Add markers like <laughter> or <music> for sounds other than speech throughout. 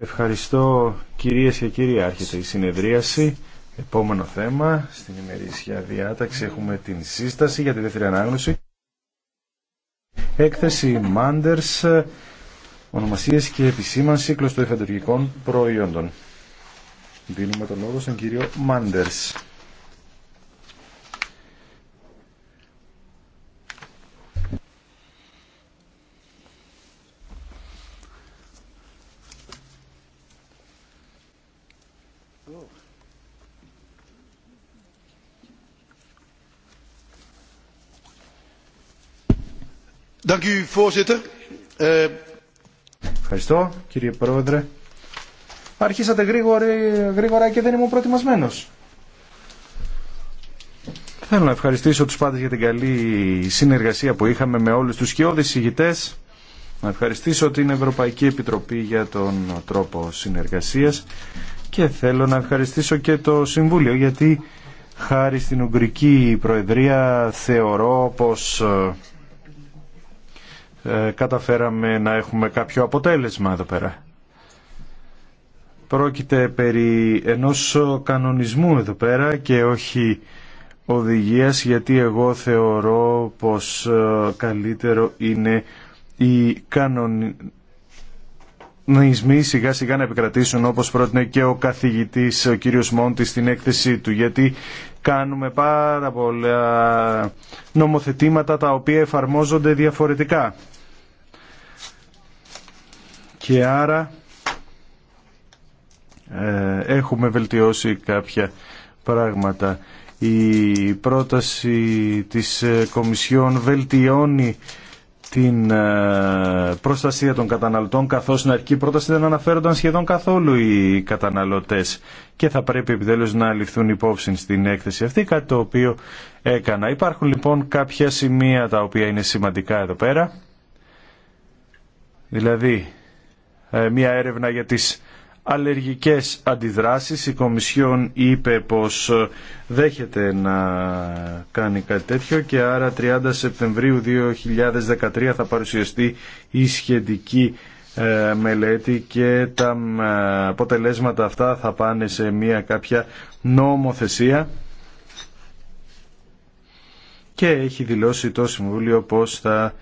Ευχαριστώ κυρίες και κύριοι. Άρχεται η συνεδρίαση. Επόμενο θέμα στην ημερήσια διάταξη έχουμε την σύσταση για τη δεύτερη ανάγνωση. Έκθεση Μάντερς, ονομασίες και επισήμανση κλωστοϊφαντουργικών προϊόντων. Δίνουμε τον λόγο στον κύριο Μάντερς. Ευχαριστώ κύριε Πρόεδρε. Αρχίσατε γρήγορα, και δεν ήμουν προετοιμασμένο. Θέλω να ευχαριστήσω τους πάντες για την καλή συνεργασία που είχαμε με όλους τους σκιώδεις ηγητές. Να ευχαριστήσω την Ευρωπαϊκή Επιτροπή για τον τρόπο συνεργασίας και θέλω να ευχαριστήσω και το Συμβούλιο γιατί χάρη στην Ουγγρική Προεδρία θεωρώ πως ε, ε, καταφέραμε να έχουμε κάποιο αποτέλεσμα εδώ πέρα. Πρόκειται περί ενός κανονισμού εδώ πέρα και όχι οδηγίας γιατί εγώ θεωρώ πως ε, καλύτερο είναι οι κανονισμοί σιγά σιγά να επικρατήσουν όπως πρότεινε και ο καθηγητής ο κύριος Μόντι στην έκθεσή του γιατί κάνουμε πάρα πολλά νομοθετήματα τα οποία εφαρμόζονται διαφορετικά και άρα ε, έχουμε βελτιώσει κάποια πράγματα. Η πρόταση της ε, Κομισιόν βελτιώνει την ε, προστασία των καταναλωτών καθώς στην αρχική πρόταση δεν αναφέρονταν σχεδόν καθόλου οι καταναλωτές και θα πρέπει επιτέλους να ληφθούν υπόψη στην έκθεση αυτή κάτι το οποίο έκανα. Υπάρχουν λοιπόν κάποια σημεία τα οποία είναι σημαντικά εδώ πέρα δηλαδή ε, μια έρευνα για τις αλλεργικές αντιδράσεις. Η Κομισιόν είπε πως ε, δέχεται να κάνει κάτι τέτοιο και άρα 30 Σεπτεμβρίου 2013 θα παρουσιαστεί η σχετική ε, μελέτη και τα αποτελέσματα αυτά θα πάνε σε μια κάποια νομοθεσία και έχει δηλώσει το Συμβούλιο πως θα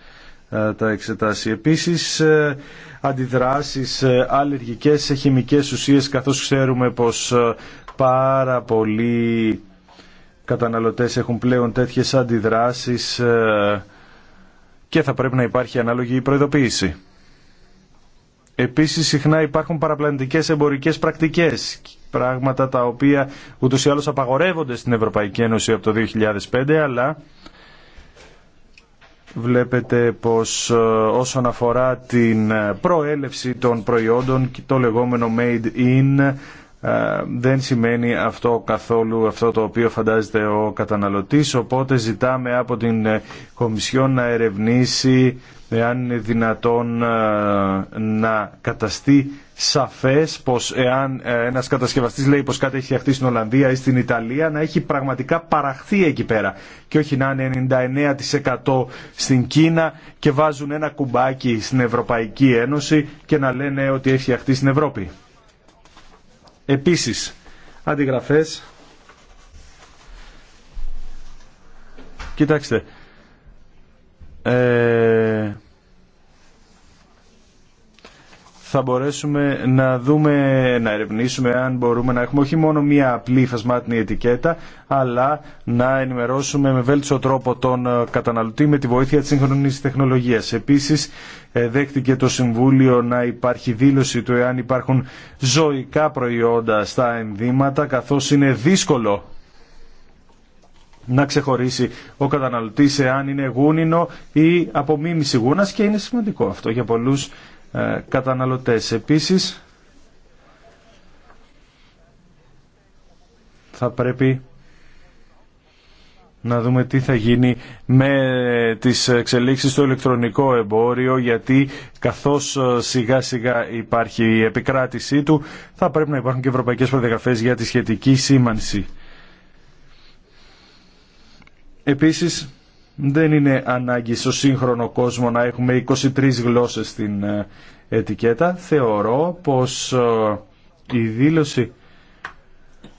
ε, τα εξετάσει. Επίσης ε, αντιδράσεις ε, αλλεργικές σε χημικές ουσίες καθώς ξέρουμε πως πάρα πολλοί καταναλωτές έχουν πλέον τέτοιες αντιδράσεις και θα πρέπει να υπάρχει ανάλογη προειδοποίηση. Επίσης συχνά υπάρχουν παραπλανητικές εμπορικές πρακτικές, πράγματα τα οποία ούτως ή άλλως απαγορεύονται στην Ευρωπαϊκή Ένωση από το 2005, αλλά βλέπετε πως ε, όσον αφορά την ε, προέλευση των προϊόντων και το λεγόμενο made in ε, δεν σημαίνει αυτό καθόλου αυτό το οποίο φαντάζεται ο καταναλωτής οπότε ζητάμε από την Κομισιόν να ερευνήσει εάν είναι δυνατόν να καταστεί σαφές πως εάν ε, ένας κατασκευαστής λέει πως κάτι έχει φτιαχτεί στην Ολλανδία ή στην Ιταλία να έχει πραγματικά παραχθεί εκεί πέρα και όχι να είναι 99% στην Κίνα και βάζουν ένα κουμπάκι στην Ευρωπαϊκή Ένωση και να λένε ότι έχει φτιαχτεί στην Ευρώπη. Επίσης, αντιγραφές. Κοιτάξτε, ε, θα μπορέσουμε να δούμε, να ερευνήσουμε αν μπορούμε να έχουμε όχι μόνο μία απλή φασμάτινη ετικέτα, αλλά να ενημερώσουμε με βέλτιστο τρόπο τον ε, καταναλωτή με τη βοήθεια της σύγχρονης τεχνολογίας. Επίσης, ε, δέχτηκε το Συμβούλιο να υπάρχει δήλωση του εάν υπάρχουν ζωικά προϊόντα στα ενδύματα, καθώς είναι δύσκολο να ξεχωρίσει ο καταναλωτής εάν είναι γούνινο ή απομίμηση γούνας και είναι σημαντικό αυτό για πολλούς ε, καταναλωτές. Επίσης, θα πρέπει να δούμε τι θα γίνει με τις εξελίξεις στο ηλεκτρονικό εμπόριο γιατί καθώς ε, σιγά σιγά υπάρχει η επικράτησή του θα πρέπει να υπάρχουν και ευρωπαϊκές προδιαγραφές για τη σχετική σήμανση. Επίσης δεν είναι ανάγκη στο σύγχρονο κόσμο να έχουμε 23 γλώσσες στην ε, ετικέτα. Θεωρώ πως ε, η δήλωση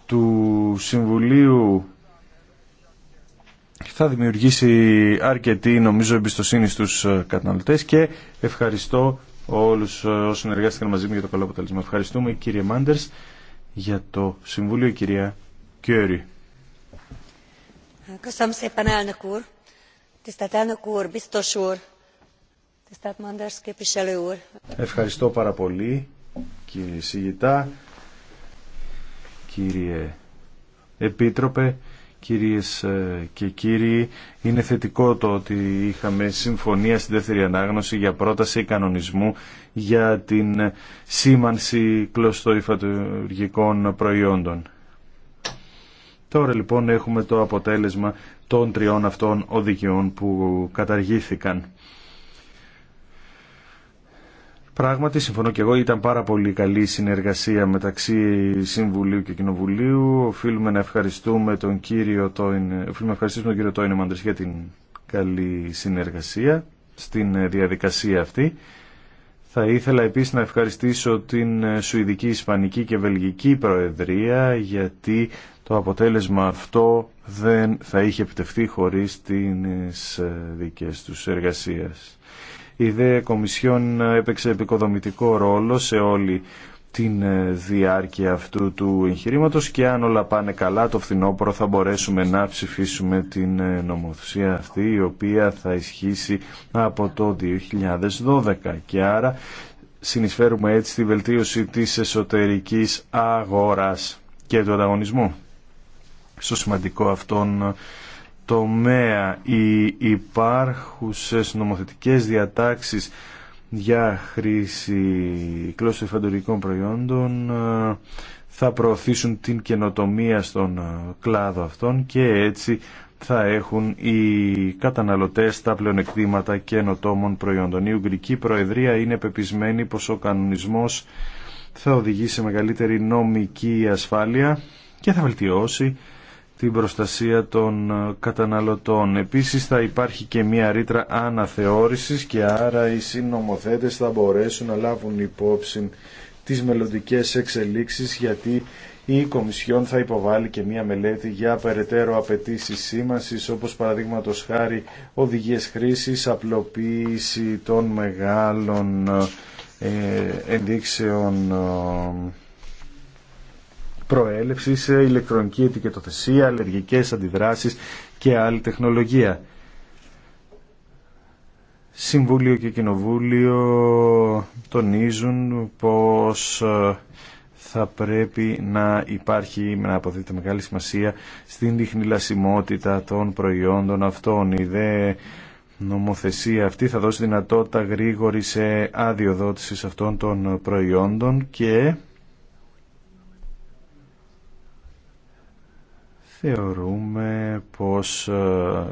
του Συμβουλίου θα δημιουργήσει αρκετή νομίζω εμπιστοσύνη στους ε, καταναλωτές και ευχαριστώ όλους όσοι συνεργάστηκαν μαζί μου για το καλό αποτέλεσμα. Ευχαριστούμε κύριε Μάντερς για το Συμβούλιο κυρία Κιόρη. Ευχαριστώ πάρα πολύ, κύριε Σιγητά, κύριε Επίτροπε, κυρίες ε, και κύριοι. Είναι θετικό το ότι είχαμε συμφωνία στην δεύτερη ανάγνωση για πρόταση κανονισμού για την σήμανση κλωστοϊφατουργικών προϊόντων. Τώρα λοιπόν έχουμε το αποτέλεσμα των τριών αυτών οδηγιών που καταργήθηκαν. Πράγματι, συμφωνώ και εγώ, ήταν πάρα πολύ καλή συνεργασία μεταξύ Συμβουλίου και Κοινοβουλίου. Οφείλουμε να ευχαριστούμε τον κύριο Τόινε, οφείλουμε τον κύριο για την καλή συνεργασία στην διαδικασία αυτή. Θα ήθελα επίσης να ευχαριστήσω την Σουηδική, Ισπανική και Βελγική Προεδρία γιατί το αποτέλεσμα αυτό δεν θα είχε επιτευχθεί χωρίς τις ε, δικές τους εργασίες. Η ΔΕ Κομισιόν έπαιξε επικοδομητικό ρόλο σε όλη την ε, διάρκεια αυτού του εγχειρήματο και αν όλα πάνε καλά το φθινόπωρο θα μπορέσουμε να ψηφίσουμε την ε, νομοθεσία αυτή η οποία θα ισχύσει από το 2012 και άρα συνεισφέρουμε έτσι τη βελτίωση της εσωτερικής αγοράς και του ανταγωνισμού στο σημαντικό αυτόν τομέα. Οι υπάρχουσες νομοθετικές διατάξεις για χρήση κλώσεων προϊόντων ε, θα προωθήσουν την καινοτομία στον ε, κλάδο αυτών και έτσι θα έχουν οι καταναλωτές τα πλεονεκτήματα καινοτόμων προϊόντων. Η Ουγγρική Προεδρία είναι πεπισμένη πως ο κανονισμός θα οδηγήσει σε μεγαλύτερη νομική ασφάλεια και θα βελτιώσει την προστασία των ε, καταναλωτών. Επίσης θα υπάρχει και μια ρήτρα αναθεώρησης και άρα οι συνομοθέτες θα μπορέσουν να λάβουν υπόψη τις μελλοντικέ εξελίξεις γιατί η Κομισιόν θα υποβάλει και μια μελέτη για περαιτέρω απαιτήσει σήμανσης όπως παραδείγματο χάρη οδηγίες χρήσης, απλοποίηση των μεγάλων ε, ενδείξεων ε, σε ηλεκτρονική ετικετοθεσία, αλλεργικέ αντιδράσεις και άλλη τεχνολογία. Συμβούλιο και Κοινοβούλιο τονίζουν πως ε, θα πρέπει να υπάρχει, να αποδείτε μεγάλη σημασία στην διχνηλασιμότητα των προϊόντων αυτών. Η δε νομοθεσία αυτή θα δώσει δυνατότητα γρήγορη γρήγορης αδειοδότηση αυτών των προϊόντων και θεωρούμε πως ε,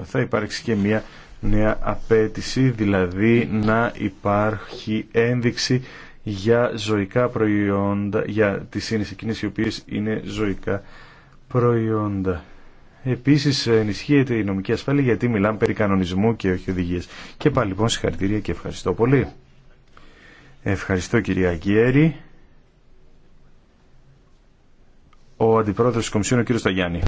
θα υπάρξει και μια νέα απέτηση, δηλαδή να υπάρχει ένδειξη για ζωικά προϊόντα, για τις σύνες εκείνες οι οποίες είναι ζωικά προϊόντα. Επίσης ενισχύεται η νομική ασφάλεια γιατί μιλάμε περί κανονισμού και όχι οδηγίες. Και πάλι λοιπόν συγχαρητήρια και ευχαριστώ πολύ. Ευχαριστώ κυρία Αγγιέρη ο Αντιπρόεδρος της Κομισιόν, ο κ. Σταγιάννη.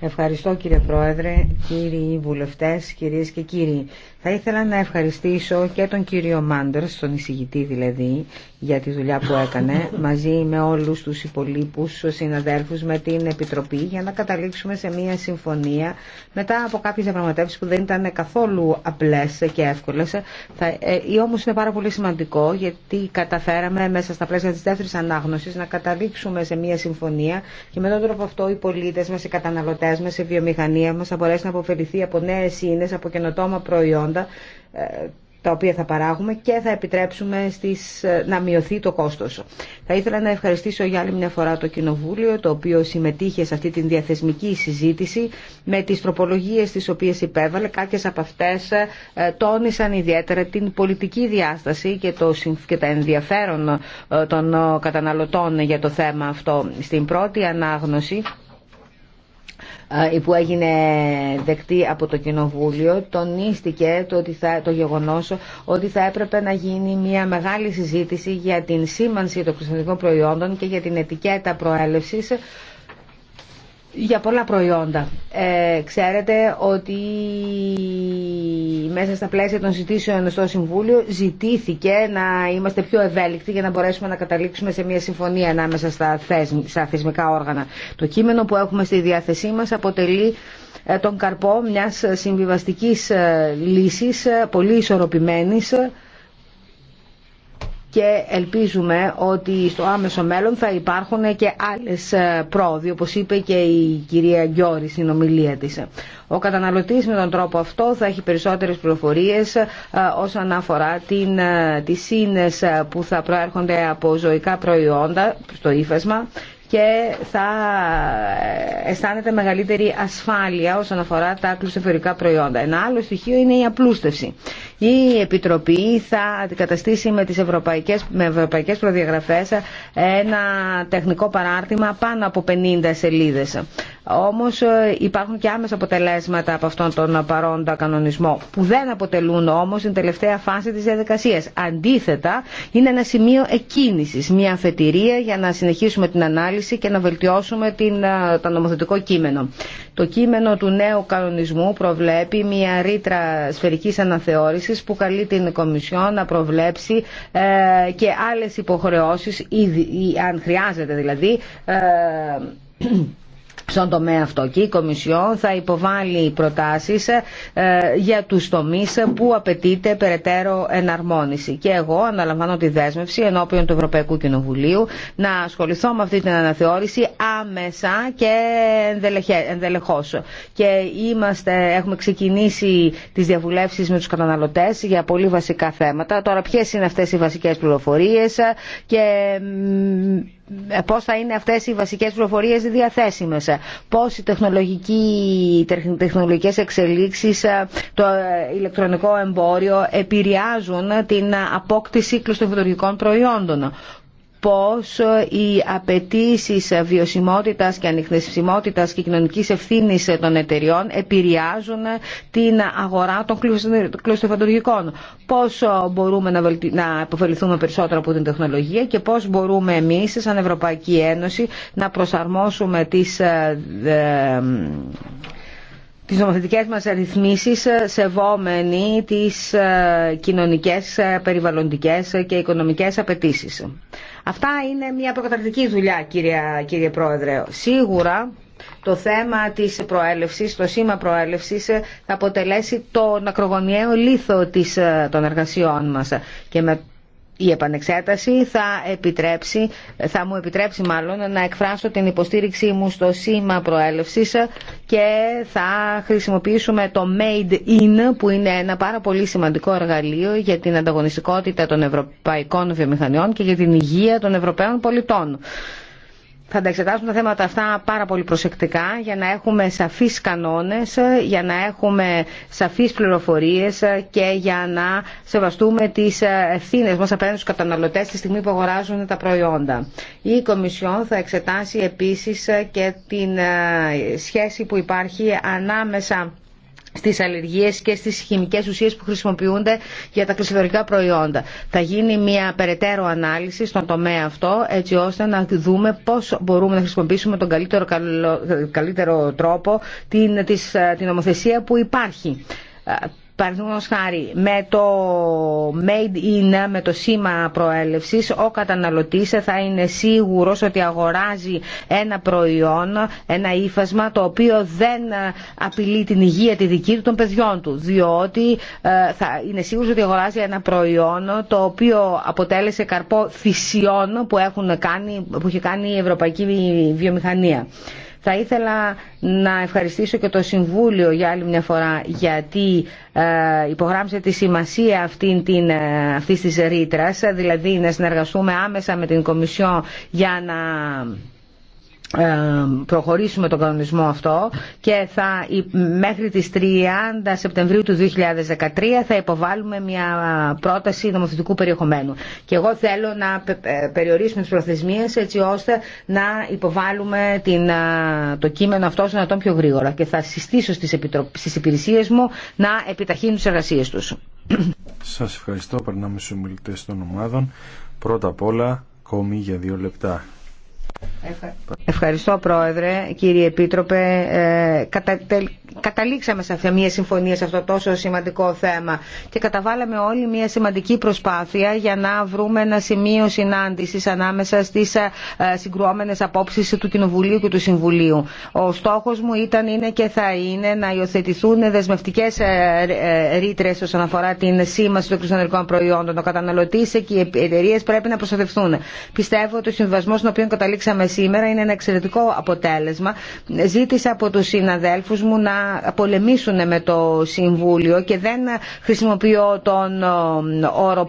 Ευχαριστώ κύριε Πρόεδρε, κύριοι βουλευτές, κυρίες και κύριοι. Θα ήθελα να ευχαριστήσω και τον κύριο Μάντερς, τον εισηγητή δηλαδή, για τη δουλειά που έκανε, <laughs> μαζί με όλους τους υπολείπους συναδέλφου, με την Επιτροπή, για να καταλήξουμε σε μια συμφωνία μετά από κάποιες διαπραγματεύσει που δεν ήταν καθόλου απλές και εύκολες. Θα, ε, όμως είναι πάρα πολύ σημαντικό, γιατί καταφέραμε μέσα στα πλαίσια της δεύτερης ανάγνωσης να καταλήξουμε σε μια συμφωνία και με τον τρόπο αυτό οι πολίτες μας, οι καταναλωτές μα, η βιομηχανία μα θα μπορέσει να αποφεληθεί από νέε ίνε, από καινοτόμα προϊόντα ε, τα οποία θα παράγουμε και θα επιτρέψουμε στις, ε, να μειωθεί το κόστος. Θα ήθελα να ευχαριστήσω για άλλη μια φορά το Κοινοβούλιο, το οποίο συμμετείχε σε αυτή την διαθεσμική συζήτηση με τις τροπολογίες τις οποίες υπέβαλε. Κάποιες από αυτές ε, τόνισαν ιδιαίτερα την πολιτική διάσταση και, το, και τα ενδιαφέρον των καταναλωτών για το θέμα αυτό. Στην πρώτη ανάγνωση που έγινε δεκτή από το Κοινοβούλιο τονίστηκε το, ότι θα, το γεγονός ότι θα έπρεπε να γίνει μια μεγάλη συζήτηση για την σήμανση των χριστιανικών προϊόντων και για την ετικέτα προέλευσης για πολλά προϊόντα. Ε, ξέρετε ότι μέσα στα πλαίσια των ζητήσεων στο Συμβούλιο ζητήθηκε να είμαστε πιο ευέλικτοι για να μπορέσουμε να καταλήξουμε σε μια συμφωνία ανάμεσα στα, στα θεσμικά όργανα. Το κείμενο που έχουμε στη διάθεσή μας αποτελεί ε, τον καρπό μιας συμβιβαστικής ε, λύσης, ε, πολύ ισορροπημένης, και ελπίζουμε ότι στο άμεσο μέλλον θα υπάρχουν και άλλες ε, πρόοδοι, όπως είπε και η κυρία Γκιώρη στην ομιλία της. Ο καταναλωτής με τον τρόπο αυτό θα έχει περισσότερες πληροφορίες ε, όσον αφορά την, ε, τις σύνες που θα προέρχονται από ζωικά προϊόντα στο ύφασμα και θα ε, αισθάνεται μεγαλύτερη ασφάλεια όσον αφορά τα κλουστοφορικά προϊόντα. Ένα άλλο στοιχείο είναι η απλούστευση. Η Επιτροπή θα αντικαταστήσει με τις ευρωπαϊκές, με ευρωπαϊκές προδιαγραφές ένα τεχνικό παράρτημα πάνω από 50 σελίδες. Όμως ε, υπάρχουν και άμεσα αποτελέσματα από αυτόν τον παρόντα κανονισμό που δεν αποτελούν όμως την τελευταία φάση της διαδικασίας. Αντίθετα είναι ένα σημείο εκκίνησης, μια αφετηρία για να συνεχίσουμε την ανάλυση και να βελτιώσουμε την, ε, το νομοθετικό κείμενο. Το κείμενο του νέου κανονισμού προβλέπει μια ρήτρα σφαιρικής αναθεώρησης που καλεί την Κομισιό να προβλέψει ε, και άλλες υποχρεώσεις, αν χρειάζεται δηλαδή, στον τομέα αυτό και η Κομισιόν θα υποβάλει προτάσεις ε, για τους τομείς που απαιτείται περαιτέρω εναρμόνιση. Και εγώ αναλαμβάνω τη δέσμευση ενώπιον του Ευρωπαϊκού Κοινοβουλίου να ασχοληθώ με αυτή την αναθεώρηση άμεσα και ενδελεχώς. Και είμαστε, έχουμε ξεκινήσει τις διαβουλεύσεις με τους καταναλωτές για πολύ βασικά θέματα. Τώρα ποιες είναι αυτές οι βασικές πληροφορίες και ε, πώς θα είναι αυτές οι βασικές πληροφορίες διαθέσιμες, πώς οι τεχνολογικές εξελίξεις, ε, το ε, ηλεκτρονικό εμπόριο επηρεάζουν την απόκτηση κλωστοβιτουργικών προϊόντων, πως ε, οι απαιτήσει βιωσιμότητας και ανιχνευσιμότητας και κοινωνικής ευθύνης των εταιριών επηρεάζουν την αγορά των κλωστοφαντουργικών. Πώς ε, μπορούμε να, βελτι... να υποφεληθούμε περισσότερο από την τεχνολογία και πώς μπορούμε εμείς σαν Ευρωπαϊκή Ένωση να προσαρμόσουμε τις ε, τις νομοθετικές μας αριθμίσεις, ε, σεβόμενοι τις ε, κοινωνικές, ε, περιβαλλοντικές και οικονομικές απαιτήσεις. Αυτά είναι μια προκαταρκτική δουλειά κύριε, κύριε Πρόεδρε. Σίγουρα το θέμα της προέλευσης, το σήμα προέλευσης θα αποτελέσει τον ακρογωνιαίο λίθο της, των εργασιών μας. Και με η επανεξέταση θα, επιτρέψει, θα μου επιτρέψει μάλλον να εκφράσω την υποστήριξή μου στο σήμα προέλευσης και θα χρησιμοποιήσουμε το Made In που είναι ένα πάρα πολύ σημαντικό εργαλείο για την ανταγωνιστικότητα των ευρωπαϊκών βιομηχανιών και για την υγεία των ευρωπαίων πολιτών θα τα εξετάσουμε τα θέματα αυτά πάρα πολύ προσεκτικά για να έχουμε σαφείς κανόνες, για να έχουμε σαφείς πληροφορίες και για να σεβαστούμε τις ευθύνε μας απέναντι στους καταναλωτές τη στιγμή που αγοράζουν τα προϊόντα. Η Κομισιόν θα εξετάσει επίσης και την σχέση που υπάρχει ανάμεσα στις αλλεργίες και στις χημικές ουσίες που χρησιμοποιούνται για τα κλεισιδωρικά προϊόντα. Θα γίνει μια περαιτέρω ανάλυση στον τομέα αυτό έτσι ώστε να δούμε πώς μπορούμε να χρησιμοποιήσουμε τον καλύτερο, τρόπο την, την νομοθεσία που υπάρχει Παραδείγματο χάρη, με το made in, με το σήμα προέλευση, ο καταναλωτή θα είναι σίγουρο ότι αγοράζει ένα προϊόν, ένα ύφασμα, το οποίο δεν απειλεί την υγεία τη δική του των παιδιών του. Διότι ε, θα είναι σίγουρο ότι αγοράζει ένα προϊόν το οποίο αποτέλεσε καρπό θυσιών που, έχουν κάνει, που έχει κάνει η Ευρωπαϊκή Βιομηχανία. Θα ήθελα να ευχαριστήσω και το Συμβούλιο για άλλη μια φορά γιατί ε, υπογράμμισε τη σημασία αυτή την, ε, αυτής της ρήτρας, δηλαδή να συνεργαστούμε άμεσα με την Κομισιό για να προχωρήσουμε τον κανονισμό αυτό και θα, μέχρι τις 30 Σεπτεμβρίου του 2013 θα υποβάλουμε μια πρόταση νομοθετικού περιεχομένου. Και εγώ θέλω να ε, περιορίσουμε τις προθεσμίες έτσι ώστε να υποβάλουμε την, το κείμενο αυτό να τον πιο γρήγορα και θα συστήσω στις, επιτρο... στις υπηρεσίες μου να επιταχύνουν τις εργασίες τους. Σας ευχαριστώ. Περνάμε στους ομιλητές των ομάδων. Πρώτα απ' όλα, κόμι για δύο λεπτά. Ευχαριστώ Πρόεδρε, κύριε Επίτροπε. Ε, καταλήξαμε σε μια συμφωνία σε αυτό τόσο σημαντικό θέμα και καταβάλαμε όλοι μια σημαντική προσπάθεια για να βρούμε ένα σημείο συνάντηση ανάμεσα στι ε, ε, συγκρουόμενε απόψει του Κοινοβουλίου και του Συμβουλίου. Ο στόχο μου ήταν, είναι και θα είναι να υιοθετηθούν δεσμευτικέ ε, ρήτρε όσον αφορά την σήμαση των κρυστανερικών προϊόντων. Ο καταναλωτή και οι εταιρείε πρέπει να προστατευτούν. Πιστεύω ότι ο συμβασμό στον οποίο καταλήξαμε σήμερα είναι ένα εξαιρετικό αποτέλεσμα. Ζήτησα από του συναδέλφου μου να πολεμήσουν με το Συμβούλιο και δεν χρησιμοποιώ τον ε, όρο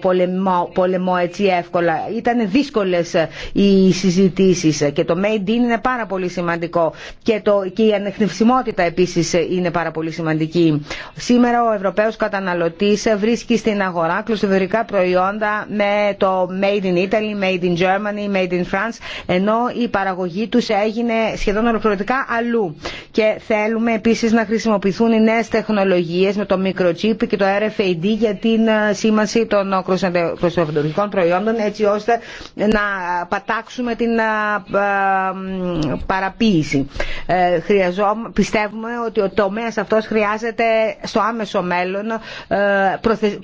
πολεμό, έτσι εύκολα. Ήταν δύσκολες οι συζητήσεις και το made in είναι πάρα πολύ σημαντικό και, το, και η ανεχνευσιμότητα επίσης είναι πάρα πολύ σημαντική. Σήμερα ο Ευρωπαίος καταναλωτής βρίσκει στην αγορά κλωστοβερικά προϊόντα με το made in Italy, made in Germany, made in France ενώ η παραγωγή τους έγινε σχεδόν ολοκληρωτικά αλλού και θέλουμε επίσης να χρησιμοποιήσουμε χρησιμοποιηθούν οι νέες τεχνολογίες με το microchip και το RFID για την ε, σήμανση των προστατευτικών ε, προϊόντων έτσι ώστε να πατάξουμε την ε, παραποίηση. Πιστεύουμε ότι ο τομέας αυτός χρειάζεται στο άμεσο μέλλον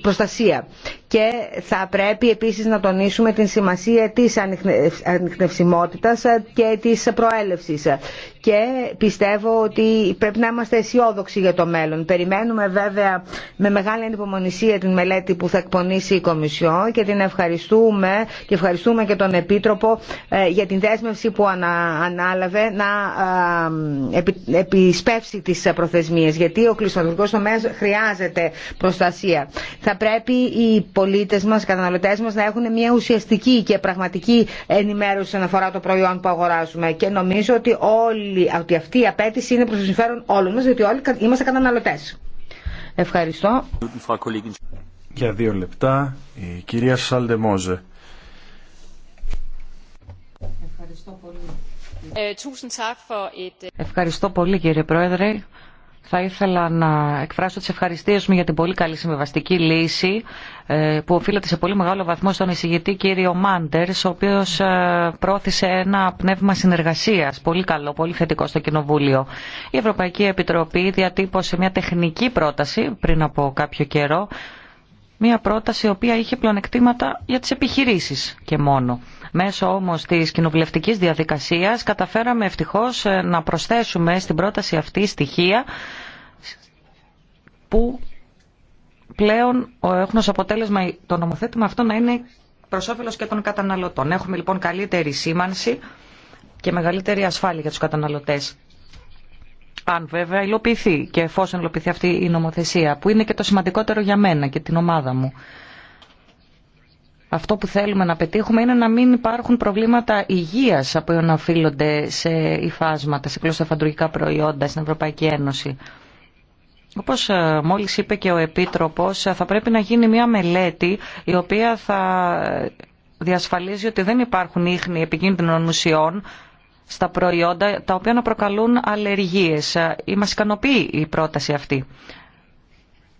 προστασία και θα πρέπει επίσης να τονίσουμε την σημασία της ανιχνευσιμότητας και της προέλευσης και πιστεύω ότι πρέπει να είμαστε αισιόδοξοι για το μέλλον. Περιμένουμε βέβαια με μεγάλη ανυπομονησία την μελέτη που θα εκπονήσει η Κομισιόν και την ευχαριστούμε και ευχαριστούμε και τον Επίτροπο ε, για την δέσμευση που ανάλαβε να ε, επισπεύσει τις προθεσμίες γιατί ο κλεισματουργικός τομέας χρειάζεται προστασία. Θα πρέπει οι πολίτες μας, οι καταναλωτές μας να έχουν μια ουσιαστική και πραγματική ενημέρωση αναφορά το προϊόν που αγοράζουμε και νομίζω ότι όλοι όλοι, ότι αυτή η απέτηση είναι προς το συμφέρον όλων μας, διότι όλοι είμαστε καταναλωτές. Ευχαριστώ. Για δύο λεπτά, η κυρία Σάλτε Ευχαριστώ πολύ. Ευχαριστώ πολύ κύριε Πρόεδρε. Θα ήθελα να εκφράσω τις ευχαριστίες μου για την πολύ καλή συμβεβαστική λύση ε, που οφείλεται σε πολύ μεγάλο βαθμό στον εισηγητή κύριο Μάντερς, ο οποίος ε, πρόθεσε ένα πνεύμα συνεργασίας πολύ καλό, πολύ θετικό στο Κοινοβούλιο. Η Ευρωπαϊκή Επιτροπή διατύπωσε μια τεχνική πρόταση πριν από κάποιο καιρό, μια πρόταση η οποία είχε πλονεκτήματα για τις επιχειρήσεις και μόνο. Μέσω όμως της κοινοβουλευτικής διαδικασίας καταφέραμε ευτυχώς ε, να προσθέσουμε στην πρόταση αυτή στοιχεία που πλέον ε, έχουν ως αποτέλεσμα το νομοθέτημα αυτό να είναι προς όφελος και των καταναλωτών. Έχουμε λοιπόν καλύτερη σήμανση και μεγαλύτερη ασφάλεια για τους καταναλωτές. Αν βέβαια υλοποιηθεί και εφόσον υλοποιηθεί αυτή η νομοθεσία, που είναι και το σημαντικότερο για μένα και την ομάδα μου αυτό που θέλουμε να πετύχουμε είναι να μην υπάρχουν προβλήματα υγείας από να οφείλονται σε υφάσματα, σε κλωστοφαντουργικά προϊόντα στην Ευρωπαϊκή Ένωση. Όπως ε, μόλις είπε και ο Επίτροπος, ε, θα πρέπει να γίνει μια μελέτη η οποία θα διασφαλίζει ότι δεν υπάρχουν ίχνη επικίνδυνων ουσιών στα προϊόντα τα οποία να προκαλούν αλλεργίες. Ε, μας ικανοποιεί η πρόταση αυτή.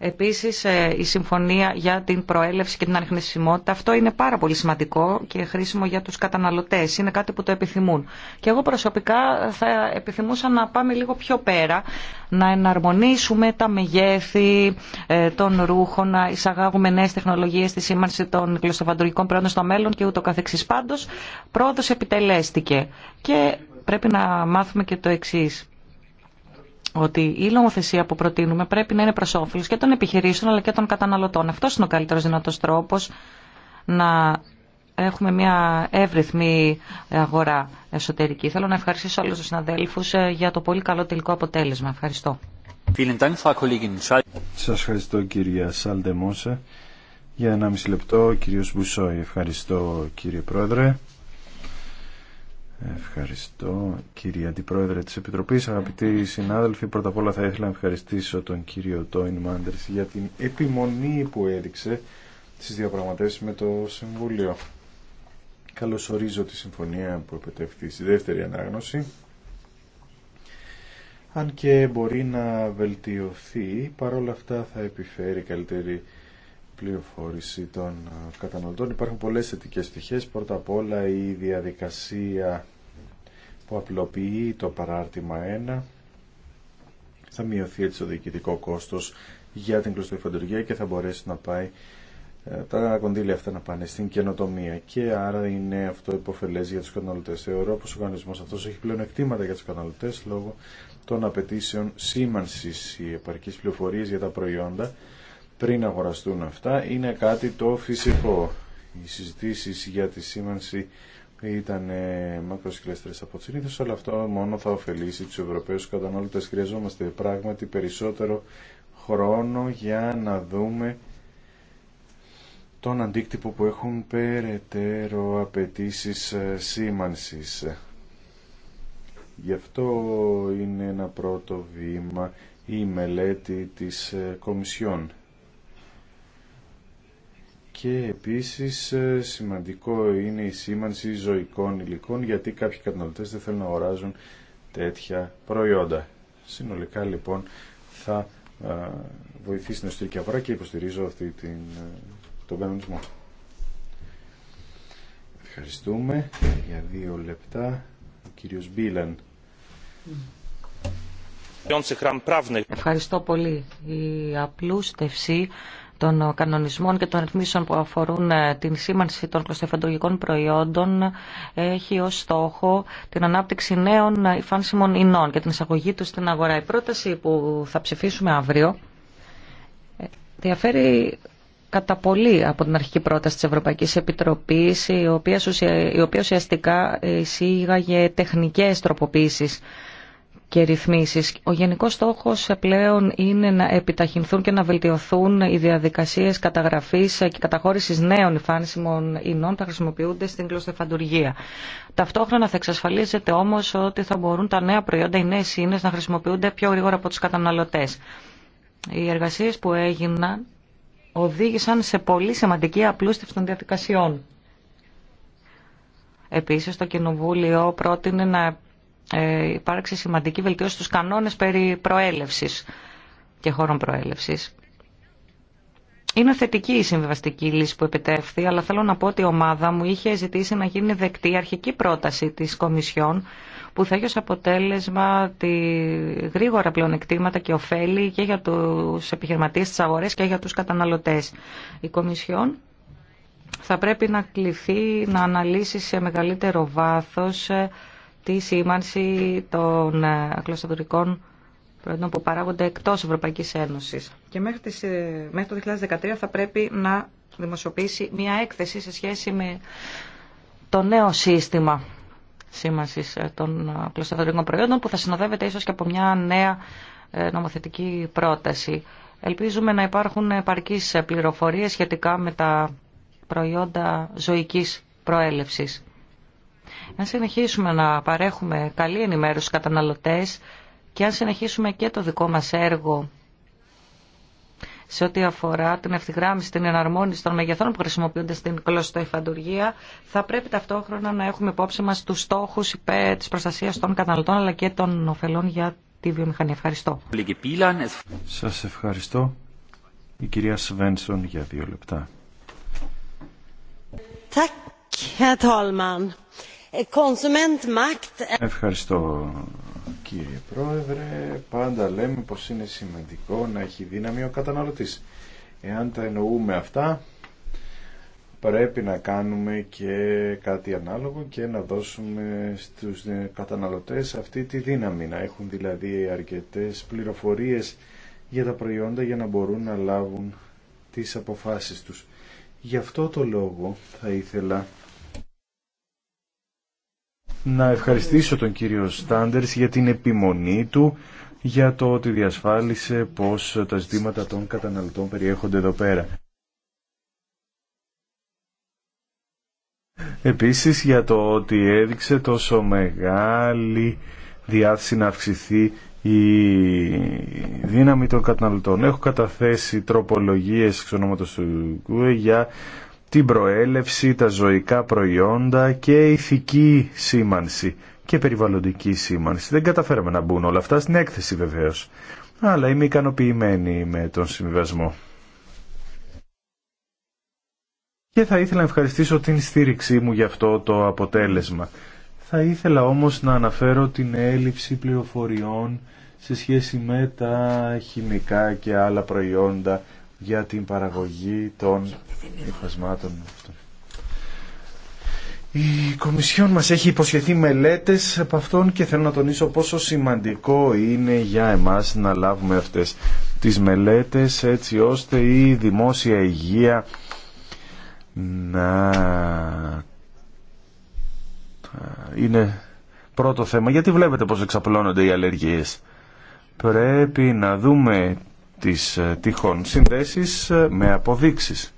Επίσης ε, η συμφωνία για την προέλευση και την ανιχνησιμότητα, αυτό είναι πάρα πολύ σημαντικό και χρήσιμο για τους καταναλωτές, είναι κάτι που το επιθυμούν. Και εγώ προσωπικά θα επιθυμούσα να πάμε λίγο πιο πέρα, να εναρμονίσουμε τα μεγέθη ε, των ρούχων, να εισαγάγουμε νέε τεχνολογίες στη σήμανση των κλωστοφαντουργικών προϊόντων στο μέλλον και ούτω καθεξής. Πάντω, πρόοδο επιτελέστηκε και πρέπει να μάθουμε και το εξή ότι η νομοθεσία που προτείνουμε πρέπει να είναι προ όφελο και των επιχειρήσεων αλλά και των καταναλωτών. Αυτό είναι ο καλύτερο δυνατό τρόπο να έχουμε μια εύρυθμη αγορά εσωτερική. Θέλω να ευχαριστήσω όλους τους συναδέλφου ε, για το πολύ καλό τελικό αποτέλεσμα. Ευχαριστώ. Σα ευχαριστώ κυρία Σάλτε Μόσε. Για ένα μισή λεπτό, κύριος Μπουσόη. Ευχαριστώ κύριε Πρόεδρε. Ευχαριστώ κύριε Αντιπρόεδρε της Επιτροπής. Αγαπητοί συνάδελφοι, πρώτα απ' όλα θα ήθελα να ευχαριστήσω τον κύριο Τόιν Μάντερς για την επιμονή που έδειξε στις διαπραγματεύσεις με το Συμβούλιο. Καλωσορίζω τη συμφωνία που επιτεύχθη στη δεύτερη ανάγνωση. Αν και μπορεί να βελτιωθεί, παρόλα αυτά θα επιφέρει καλύτερη πληροφόρηση των καταναλωτών. Υπάρχουν πολλές θετικές στοιχές. Πρώτα απ' όλα η διαδικασία που απλοποιεί το παράρτημα 1 θα μειωθεί έτσι το διοικητικό κόστος για την κλωστοϊφαντουργία και θα μπορέσει να πάει ε, τα κονδύλια αυτά να πάνε στην καινοτομία και άρα είναι αυτό υποφελές για τους καταναλωτές. Θεωρώ πως ο οργανισμός αυτός έχει πλέον εκτήματα για τους καταναλωτές λόγω των απαιτήσεων σήμανσης. Οι επαρκείς πληροφορίες για τα προϊόντα πριν αγοραστούν αυτά είναι κάτι το φυσικό. Οι συζητήσεις για τη σήμανση ήταν μακροσκελέστερες από τις συνήθως, αλλά αυτό μόνο θα ωφελήσει τους Ευρωπαίους καταναλωτές. Χρειαζόμαστε πράγματι περισσότερο χρόνο για να δούμε τον αντίκτυπο που έχουν περαιτέρω απαιτήσει ε, σήμανσης. Γι' αυτό είναι ένα πρώτο βήμα η μελέτη της ε, Κομισιόν. Και επίσης ε, σημαντικό είναι η σήμανση ζωικών υλικών γιατί κάποιοι καταναλωτές δεν θέλουν να αγοράζουν τέτοια προϊόντα. Συνολικά λοιπόν θα ε, βοηθήσει την εσωτερική αγορά και υποστηρίζω αυτή την, ε, τον κανονισμό. Ευχαριστούμε για δύο λεπτά. Ο κύριος Μπίλαν. Ευχαριστώ πολύ. Η απλούστευση των κανονισμών και των ρυθμίσεων που αφορούν ε, την σήμανση των κλωστοφαντουργικών προϊόντων έχει ως στόχο την ανάπτυξη νέων ε, υφάνσιμων ινών και την εισαγωγή τους στην αγορά. Η πρόταση που θα ψηφίσουμε αύριο ε, διαφέρει κατά πολύ από την αρχική πρόταση της Ευρωπαϊκής Επιτροπής η οποία ουσιαστικά εισήγαγε τεχνικές τροποποίησεις και ρυθμίσεις. Ο γενικός στόχος πλέον είναι να επιταχυνθούν και να βελτιωθούν οι διαδικασίες καταγραφής και καταχώρησης νέων υφάνσιμων ινών που χρησιμοποιούνται στην κλωστεφαντουργία. Ταυτόχρονα θα εξασφαλίζεται όμως ότι θα μπορούν τα νέα προϊόντα, οι νέες ίνες να χρησιμοποιούνται πιο γρήγορα από τους καταναλωτές. Οι εργασίες που έγιναν οδήγησαν σε πολύ σημαντική απλούστευση των διαδικασιών. Επίσης, το Κοινοβούλιο πρότεινε να ε, υπάρξει σημαντική βελτίωση στους κανόνες περί προέλευσης και χώρων προέλευσης. Είναι θετική η συμβιβαστική λύση που επιτεύχθη, αλλά θέλω να πω ότι η ομάδα μου είχε ζητήσει να γίνει δεκτή η αρχική πρόταση της Κομισιόν, που θα έχει ως αποτέλεσμα τη γρήγορα πλεονεκτήματα και ωφέλη και για τους επιχειρηματίες της αγορές και για τους καταναλωτές. Η Κομισιόν θα πρέπει να κληθεί να αναλύσει σε μεγαλύτερο βάθος ε, τη σήμανση των κλωστοδουρικών ε, προϊόντων που παράγονται εκτός Ευρωπαϊκής Ένωσης. Και μέχρι, ε, το 2013 θα πρέπει να δημοσιοποιήσει μια έκθεση σε σχέση με το νέο σύστημα σήμανσης ε, των κλωστοδουρικών προϊόντων που θα συνοδεύεται ίσως και από μια νέα νομοθετική πρόταση. Ελπίζουμε να υπάρχουν επαρκείς πληροφορίες σχετικά με τα προϊόντα ζωικής προέλευσης. Αν συνεχίσουμε να παρέχουμε καλή ενημέρωση στους καταναλωτές και αν συνεχίσουμε και το δικό μας έργο σε ό,τι αφορά την ευθυγράμμιση, την εναρμόνιση των μεγεθών που χρησιμοποιούνται στην κλωστοϊφαντουργία, θα πρέπει ταυτόχρονα να έχουμε υπόψη μας τους στόχους τη της προστασίας των καταναλωτών αλλά και των ωφελών για τη βιομηχανία. Ευχαριστώ. Σας ευχαριστώ. Η κυρία Σβένσον για δύο λεπτά. Ε, Ευχαριστώ κύριε Πρόεδρε. Πάντα λέμε πως είναι σημαντικό να έχει δύναμη ο καταναλωτής. Εάν τα εννοούμε αυτά, πρέπει να κάνουμε και κάτι ανάλογο και να δώσουμε στους καταναλωτές αυτή τη δύναμη. Να έχουν δηλαδή αρκετές πληροφορίες για τα προϊόντα για να μπορούν να λάβουν τις αποφάσεις τους. Γι' αυτό το λόγο θα ήθελα να ευχαριστήσω τον κύριο Στάντερς για την επιμονή του για το ότι διασφάλισε πως τα ζητήματα των καταναλωτών περιέχονται εδώ πέρα. Επίσης για το ότι έδειξε τόσο μεγάλη διάθεση να αυξηθεί η δύναμη των καταναλωτών. Έχω καταθέσει τροπολογίες εξ ονόματος του για την προέλευση, τα ζωικά προϊόντα και ηθική σήμανση και περιβαλλοντική σήμανση. Δεν καταφέραμε να μπουν όλα αυτά στην έκθεση βεβαίως. Αλλά είμαι ικανοποιημένη με τον συμβιβασμό. Και θα ήθελα να ευχαριστήσω την στήριξή μου για αυτό το αποτέλεσμα. Θα ήθελα όμως να αναφέρω την έλλειψη πληροφοριών σε σχέση με τα χημικά και άλλα προϊόντα για την παραγωγή των υφασμάτων αυτών. Η Κομισιόν μας έχει υποσχεθεί μελέτες από αυτόν και θέλω να τονίσω πόσο σημαντικό είναι για εμάς να λάβουμε αυτές τις μελέτες έτσι ώστε η δημόσια υγεία να είναι πρώτο θέμα. Γιατί βλέπετε πώς εξαπλώνονται οι αλλεργίες. Πρέπει να δούμε τις ε, τυχόν συνδέσεις ε, με αποδείξεις.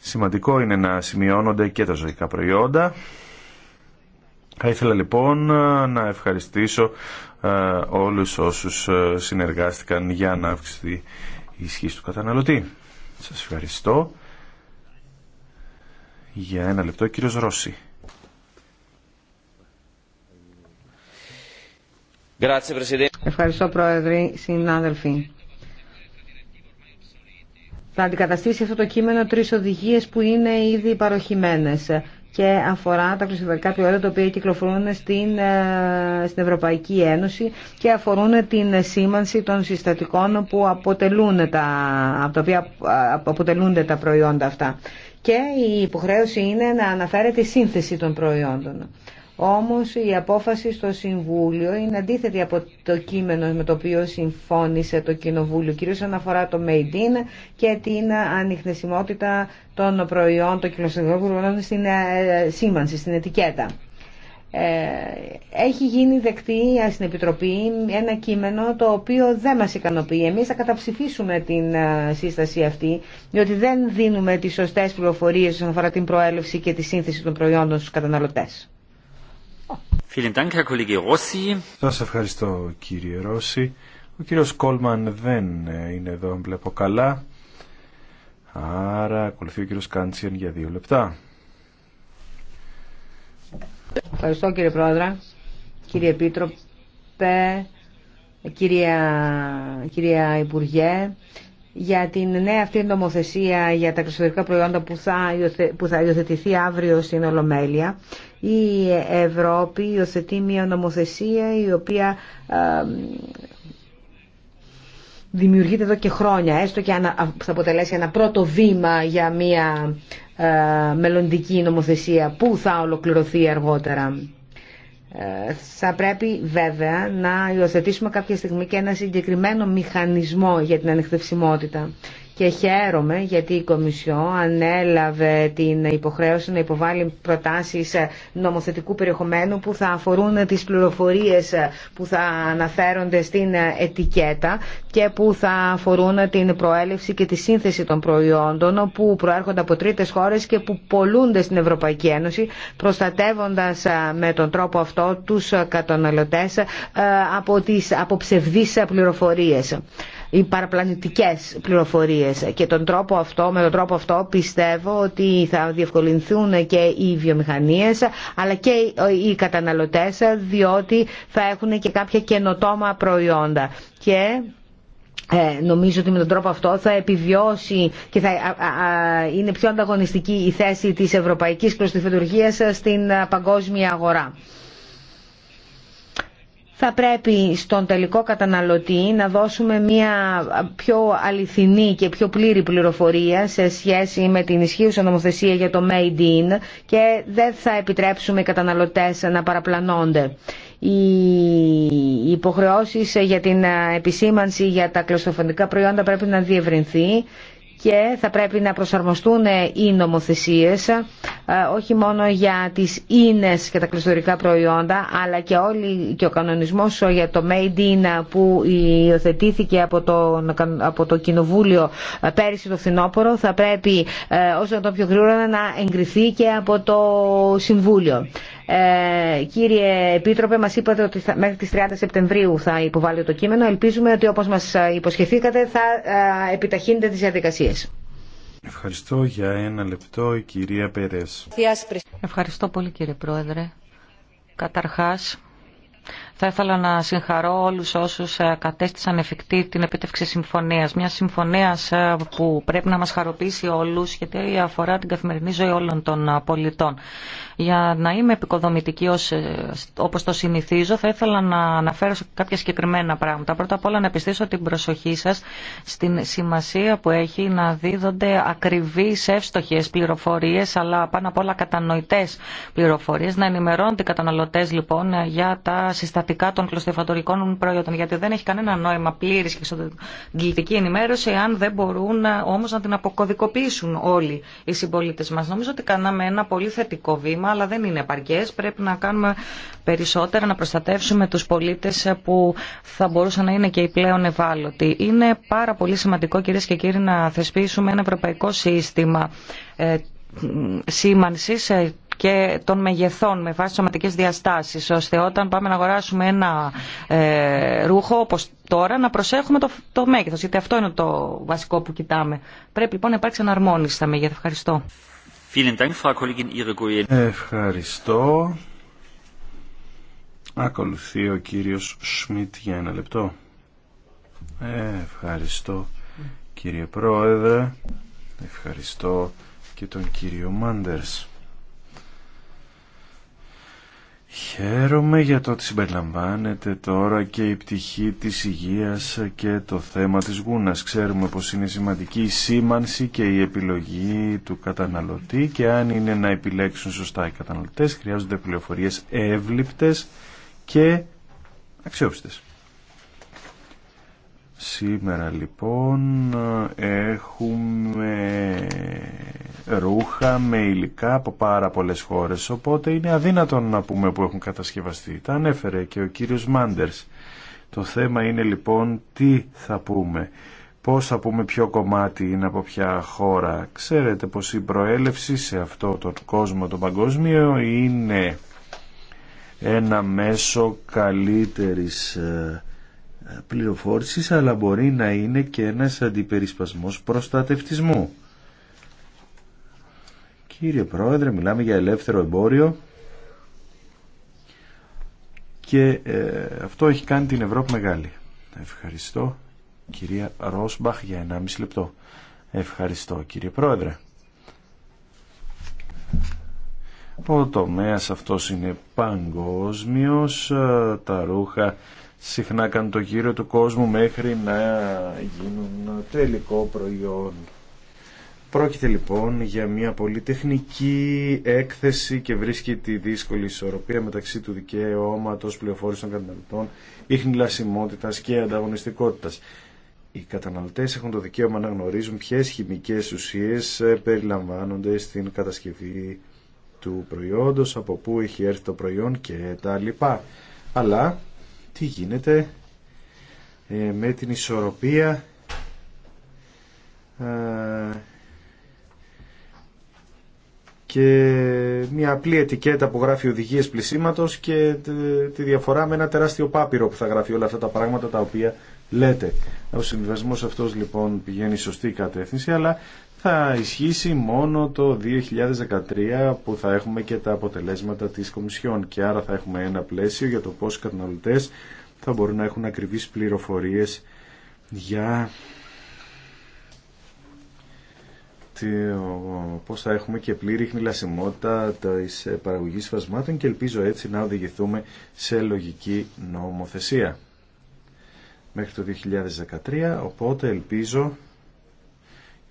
Σημαντικό είναι να σημειώνονται και τα ζωικά προϊόντα. Θα ήθελα λοιπόν ε, να ευχαριστήσω όλους όσους συνεργάστηκαν για να αυξηθεί η ισχύ του καταναλωτή. Σας ευχαριστώ. Για ένα λεπτό, κύριος Ρώση. Ευχαριστώ, Πρόεδρε, συνάδελφοι θα αντικαταστήσει αυτό το κείμενο τρεις οδηγίες που είναι ήδη παροχημένες και αφορά τα κλειστοδερικά προϊόντα τα οποία κυκλοφορούν στην, ε, στην Ευρωπαϊκή Ένωση και αφορούν την σήμανση των συστατικών που αποτελούν τα, από τα οποία ε, αποτελούνται τα προϊόντα αυτά. Και η υποχρέωση είναι να αναφέρεται η σύνθεση των προϊόντων. Όμως η απόφαση στο Συμβούλιο είναι αντίθετη από το κείμενο με το οποίο συμφώνησε το Κοινοβούλιο, κυρίως αναφορά το Made in και την ανιχνεσιμότητα των προϊόντων, των κοινωνικών στην ε, σήμανση, στην ετικέτα. Ε, έχει γίνει δεκτή στην Επιτροπή ένα κείμενο το οποίο δεν μας ικανοποιεί. Εμείς θα καταψηφίσουμε την ε, σύσταση αυτή, διότι δεν δίνουμε τις σωστές πληροφορίες όσον αφορά την προέλευση και τη σύνθεση των προϊόντων στους καταναλωτές. Σας ευχαριστώ κύριε Ρώση. Ο κύριος Κόλμαν δεν ε, είναι εδώ, βλέπω καλά. Άρα ακολουθεί ο κύριος Κάντσιεν για δύο λεπτά. Ευχαριστώ κύριε Πρόεδρε, κύριε Επίτροπε, κυρία, κυρία Υπουργέ για την νέα αυτή νομοθεσία για τα εξωτερικά προϊόντα που θα, υιοθε, που θα υιοθετηθεί αύριο στην Ολομέλεια η Ευρώπη υιοθετεί μια νομοθεσία η οποία δημιουργείται εδώ και χρόνια, έστω και θα αποτελέσει ένα πρώτο βήμα για μια ε, μελλοντική νομοθεσία που θα ολοκληρωθεί αργότερα. Ε, θα πρέπει βέβαια να υιοθετήσουμε κάποια στιγμή και ένα συγκεκριμένο μηχανισμό για την ανεκτευσιμότητα και χαίρομαι γιατί η Κομισιό ανέλαβε την υποχρέωση να υποβάλει προτάσεις νομοθετικού περιεχομένου που θα αφορούν τις πληροφορίες που θα αναφέρονται στην ετικέτα και που θα αφορούν την προέλευση και τη σύνθεση των προϊόντων που προέρχονται από τρίτες χώρες και που πολλούνται στην Ευρωπαϊκή Ένωση προστατεύοντας με τον τρόπο αυτό τους καταναλωτές ε, από, τις, από ψευδείς πληροφορίες οι παραπλανητικές πληροφορίες και τον τρόπο αυτό, με τον τρόπο αυτό πιστεύω ότι θα διευκολυνθούν και οι βιομηχανίες αλλά και οι καταναλωτές διότι θα έχουν και κάποια καινοτόμα προϊόντα και ε, νομίζω ότι με τον τρόπο αυτό θα επιβιώσει και θα είναι πιο ανταγωνιστική η θέση της ευρωπαϊκής προστιφετουργίας στην ε, παγκόσμια αγορά θα πρέπει στον τελικό καταναλωτή να δώσουμε μια πιο αληθινή και πιο πλήρη πληροφορία σε σχέση με την ισχύουσα νομοθεσία για το Made in και δεν θα επιτρέψουμε οι καταναλωτές να παραπλανώνται. Οι υποχρεώσεις για την επισήμανση για τα κλωστοφωνικά προϊόντα πρέπει να διευρυνθεί και θα πρέπει να προσαρμοστούν ε, οι νομοθεσίες ε, όχι μόνο για τις ίνες και τα κλειστορικά προϊόντα αλλά και, όλοι, και ο κανονισμός για το Made in ε, που υιοθετήθηκε από το, από το Κοινοβούλιο πέρυσι το φθινόπωρο θα πρέπει όσο το πιο γρήγορα να εγκριθεί και από το Συμβούλιο. Ε, κύριε Επίτροπε, μας είπατε ότι μέχρι τις 30 Σεπτεμβρίου θα υποβάλει το κείμενο. Ελπίζουμε ότι όπως μας ε, υποσχεθήκατε θα ε, επιταχύνετε τις διαδικασίε. Ευχαριστώ για ένα λεπτό η κυρία Περές. Ευχαριστώ πολύ κύριε Πρόεδρε. Καταρχάς, θα ήθελα να συγχαρώ όλους όσους ε, κατέστησαν εφικτή την επίτευξη συμφωνίας. Μια συμφωνία ε, που πρέπει να μας χαροποιήσει όλους γιατί αφορά την καθημερινή ζωή όλων των ε, πολιτών. Για να είμαι επικοδομητική όπως το συνηθίζω θα ήθελα να αναφέρω κάποια συγκεκριμένα πράγματα. Πρώτα απ' όλα να επιστήσω την προσοχή σας στην σημασία που έχει να δίδονται ακριβείς, εύστοχες πληροφορίες αλλά πάνω απ' όλα κατανοητές πληροφορίες. Να ενημερώνονται οι καταναλωτές λοιπόν για τα συστατικά αποθεματικά των κλωστεφαντορικών προϊόντων. Γιατί δεν έχει κανένα νόημα πλήρη και εξωτερική ενημέρωση, αν δεν μπορούν ε, όμω να την αποκωδικοποιήσουν όλοι οι συμπολίτε μα. Νομίζω ότι κάναμε ένα πολύ θετικό βήμα, αλλά δεν είναι επαρκέ. Πρέπει να κάνουμε περισσότερα, να προστατεύσουμε του πολίτε ε, που θα μπορούσαν να είναι και οι πλέον ευάλωτοι. Είναι πάρα πολύ σημαντικό, κυρίε και κύριοι, να θεσπίσουμε ένα ευρωπαϊκό σύστημα ε, σήμανσης και των μεγεθών με βάση σωματικέ διαστάσει, ώστε όταν πάμε να αγοράσουμε ένα ε, ρούχο όπω τώρα να προσέχουμε το, το μέγεθος, γιατί αυτό είναι το βασικό που κοιτάμε. Πρέπει λοιπόν να υπάρξει αναρμόνιση στα μέγεθα. Ευχαριστώ. Ευχαριστώ. Ακολουθεί ο κύριος Σμιτ για ένα λεπτό. Ε, ευχαριστώ κύριε Πρόεδρε. Ευχαριστώ και τον κύριο Μάντερς. Χαίρομαι για το ότι συμπεριλαμβάνεται τώρα και η πτυχή της υγείας και το θέμα της γούνας. Ξέρουμε πως είναι σημαντική η σήμανση και η επιλογή του καταναλωτή και αν είναι να επιλέξουν σωστά οι καταναλωτές χρειάζονται πληροφορίες εύληπτες και αξιόπιστες. Σήμερα λοιπόν έχουμε ρούχα με υλικά από πάρα πολλές χώρες οπότε είναι αδύνατο να πούμε που έχουν κατασκευαστεί. Τα ανέφερε και ο κύριος Μάντερς. Το θέμα είναι λοιπόν τι θα πούμε. Πώς θα πούμε ποιο κομμάτι είναι από ποια χώρα. Ξέρετε πως η προέλευση σε αυτό τον κόσμο το παγκόσμιο είναι ένα μέσο καλύτερης ε, πληροφόρησης αλλά μπορεί να είναι και ένας αντιπερισπασμός προστατευτισμού. Κύριε Πρόεδρε, μιλάμε για ελεύθερο εμπόριο και ε, αυτό έχει κάνει την Ευρώπη μεγάλη. Ευχαριστώ κυρία Ρόσμπαχ για 1,5 λεπτό. Ευχαριστώ κύριε Πρόεδρε. Ο τομέας αυτός είναι παγκόσμιος, ε, τα ρούχα συχνά κάνουν το γύρο του κόσμου μέχρι να γίνουν τελικό προϊόν. Πρόκειται λοιπόν για μια πολυτεχνική έκθεση και βρίσκει τη δύσκολη ισορροπία μεταξύ του δικαίωματο, πληροφόρηση των καταναλωτών, λασιμότητα και ανταγωνιστικότητας. Οι καταναλωτέ έχουν το δικαίωμα να γνωρίζουν ποιες χημικέ ουσίε ε, περιλαμβάνονται στην κατασκευή του προϊόντος, από πού έχει έρθει το προϊόν και τα Αλλά τι γίνεται ε, με την ισορροπία ε, και μια απλή ετικέτα που γράφει οδηγίες πλησίματος και τη διαφορά με ένα τεράστιο πάπυρο που θα γράφει όλα αυτά τα πράγματα τα οποία λέτε. Ο συμβιβασμός αυτός λοιπόν πηγαίνει σωστή κατεύθυνση αλλά θα ισχύσει μόνο το 2013 που θα έχουμε και τα αποτελέσματα της Κομισιόν και άρα θα έχουμε ένα πλαίσιο για το πώς οι καταναλωτές θα μπορούν να έχουν ακριβείς πληροφορίες για πώς θα έχουμε και πλήρη χνηλασιμότητα της παραγωγής φασμάτων και ελπίζω έτσι να οδηγηθούμε σε λογική νομοθεσία μέχρι το 2013 οπότε ελπίζω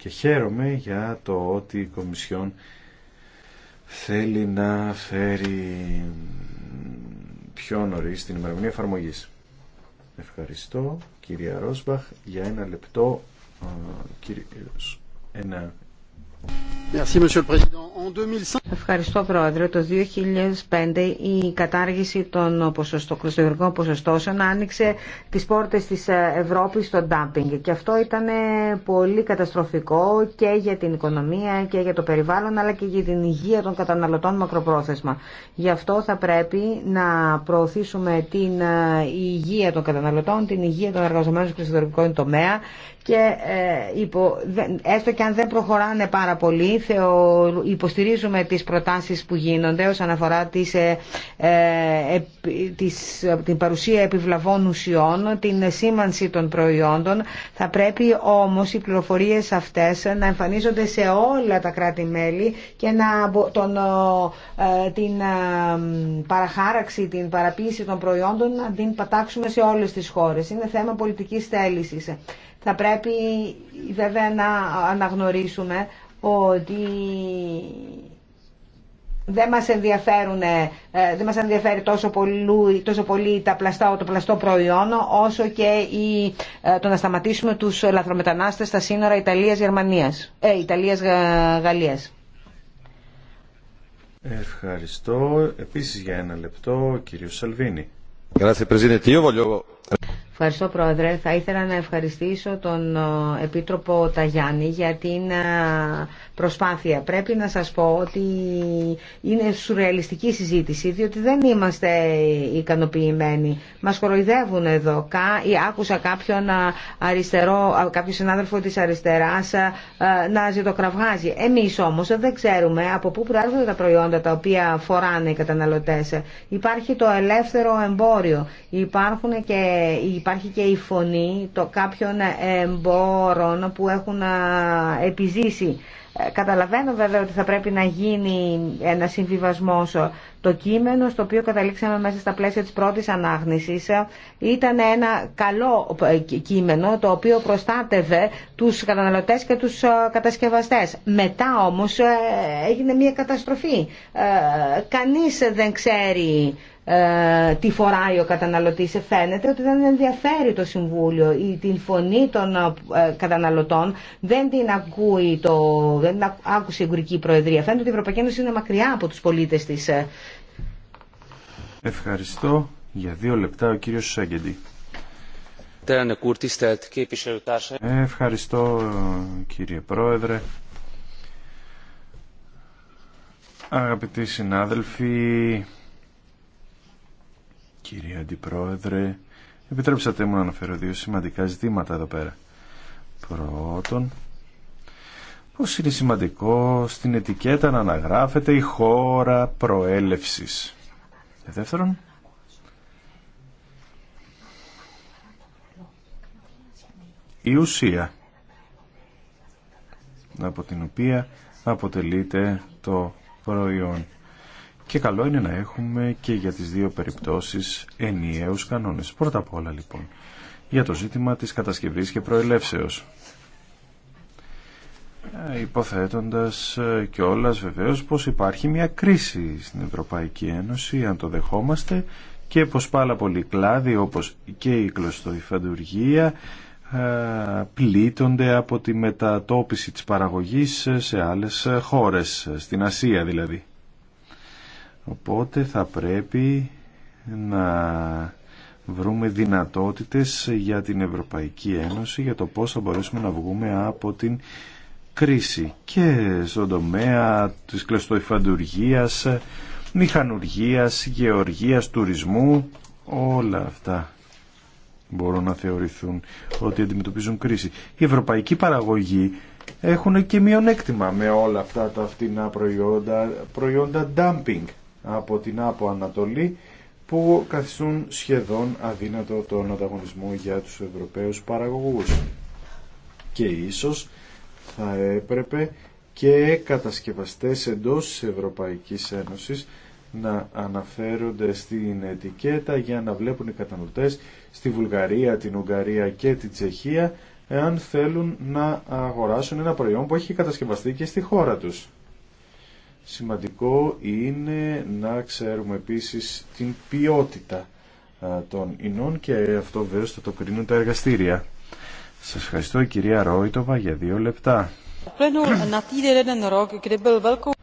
και χαίρομαι για το ότι η Κομισιόν θέλει να φέρει πιο νωρίς την ημερομηνία εφαρμογή. Ευχαριστώ κυρία Ρόσμπαχ για ένα λεπτό ένα Ευχαριστώ Πρόεδρε. Το 2005 η κατάργηση των κλωστογενικών ποσοστώσεων άνοιξε τις πόρτες της ε, Ευρώπης στο ντάμπινγκ και αυτό ήταν ε, πολύ καταστροφικό και για την οικονομία και για το περιβάλλον αλλά και για την υγεία των καταναλωτών μακροπρόθεσμα. Γι' αυτό θα πρέπει να προωθήσουμε την ε, υγεία των καταναλωτών, την υγεία των εργαζομένων στο τομέα και υπό, έστω και αν δεν προχωράνε πάρα πολύ υποστηρίζουμε τις προτάσεις που γίνονται όσον αφορά ε, ε, τις, την παρουσία επιβλαβών ουσιών, την σήμανση των προϊόντων. Θα πρέπει όμως οι πληροφορίες αυτές να εμφανίζονται σε όλα τα κράτη-μέλη και να, τον, ε, την παραχάραξη, την παραποίηση των προϊόντων να την πατάξουμε σε όλες τις χώρες. Είναι θέμα πολιτικής θέλησης. Θα πρέπει βέβαια να αναγνωρίσουμε ότι δεν μας, ενδιαφέρουν, ε, δεν μας ενδιαφέρει τόσο πολύ, τόσο πολύ τα πλαστά, το πλαστό προϊόν όσο και η, ε, το να σταματήσουμε τους λαθρομετανάστες στα σύνορα Ιταλίας-Γερμανίας, ε, Ιταλίας-Γαλλίας. Ευχαριστώ. Επίσης για ένα λεπτό, κύριο Σαλβίνη. Grazie Presidente. Io voglio Ευχαριστώ Πρόεδρε. Θα ήθελα να ευχαριστήσω τον ε, Επίτροπο Ταγιάννη για την ε, προσπάθεια. Πρέπει να σας πω ότι είναι σουρεαλιστική συζήτηση, διότι δεν είμαστε ικανοποιημένοι. Μας κοροϊδεύουν εδώ. Άκουσα κάποιον αριστερό, κάποιο συνάδελφο της αριστεράς ε, να ζητοκραυγάζει. Εμείς όμως δεν ξέρουμε από πού προέρχονται τα προϊόντα τα οποία φοράνε οι καταναλωτές. Υπάρχει το ελεύθερο εμπόριο. και, υπάρχει και η φωνή το κάποιων εμπόρων που έχουν ε, επιζήσει ε, καταλαβαίνω βέβαια ότι θα πρέπει να γίνει ένα συμβιβασμό. Το κείμενο στο οποίο καταλήξαμε μέσα στα πλαίσια της πρώτης ανάγνησης ήταν ένα καλό ε, κείμενο το οποίο προστάτευε τους καταναλωτές και τους ε, κατασκευαστές. Μετά όμως έγινε μια καταστροφή. Κανείς δεν ξέρει ε, τι φοράει ο καταναλωτής ε, φαίνεται ότι δεν ενδιαφέρει το Συμβούλιο ή την φωνή των ε, καταναλωτών δεν την ακούει το, δεν την άκουσε η Ουγγρική Προεδρία φαίνεται ότι η Ευρωπαϊκή Ένωση είναι μακριά από τους πολίτες της Ευχαριστώ για δύο λεπτά ο κύριος Σάγκεντη Ευχαριστώ κύριε Πρόεδρε Αγαπητοί συνάδελφοι κύριε Αντιπρόεδρε. Επιτρέψατε μου να αναφέρω δύο σημαντικά ζητήματα εδώ πέρα. Πρώτον, πώς είναι σημαντικό στην ετικέτα να αναγράφεται η χώρα προέλευσης. Και δεύτερον, η ουσία από την οποία αποτελείται το προϊόν. Και καλό είναι να έχουμε και για τις δύο περιπτώσεις ενιαίους κανόνες. Πρώτα απ' όλα λοιπόν, για το ζήτημα της κατασκευής και προελεύσεως. Ε, υποθέτοντας ε, και όλας βεβαίως πως υπάρχει μια κρίση στην Ευρωπαϊκή Ένωση, αν το δεχόμαστε, και πως πάρα πολλοί κλάδοι όπως και η κλωστοϊφαντουργία ε, πλήττονται από τη μετατόπιση της παραγωγής σε άλλες χώρες, στην Ασία δηλαδή. Οπότε θα πρέπει να βρούμε δυνατότητες για την Ευρωπαϊκή Ένωση για το πώς θα μπορέσουμε να βγούμε από την κρίση και στον τομέα της κλαιστοϊφαντουργίας, μηχανουργίας, γεωργίας, τουρισμού, όλα αυτά μπορούν να θεωρηθούν ότι αντιμετωπίζουν κρίση. Η ευρωπαϊκή παραγωγή έχουν και μειονέκτημα με όλα αυτά τα φτηνά προϊόντα, προϊόντα dumping από την Άπο Ανατολή που καθιστούν σχεδόν αδύνατο τον ανταγωνισμό για τους Ευρωπαίους παραγωγούς. Και ίσως θα έπρεπε και κατασκευαστές εντός της Ευρωπαϊκής Ένωσης να αναφέρονται στην ετικέτα για να βλέπουν οι καταναλωτές στη Βουλγαρία, την Ουγγαρία και την Τσεχία εάν θέλουν να αγοράσουν ένα προϊόν που έχει κατασκευαστεί και στη χώρα τους. Σημαντικό είναι να ξέρουμε επίσης την ποιότητα των ινών και αυτό βέβαια θα το κρίνουν τα εργαστήρια. Σας ευχαριστώ κυρία Ρόιτοβα για δύο λεπτά.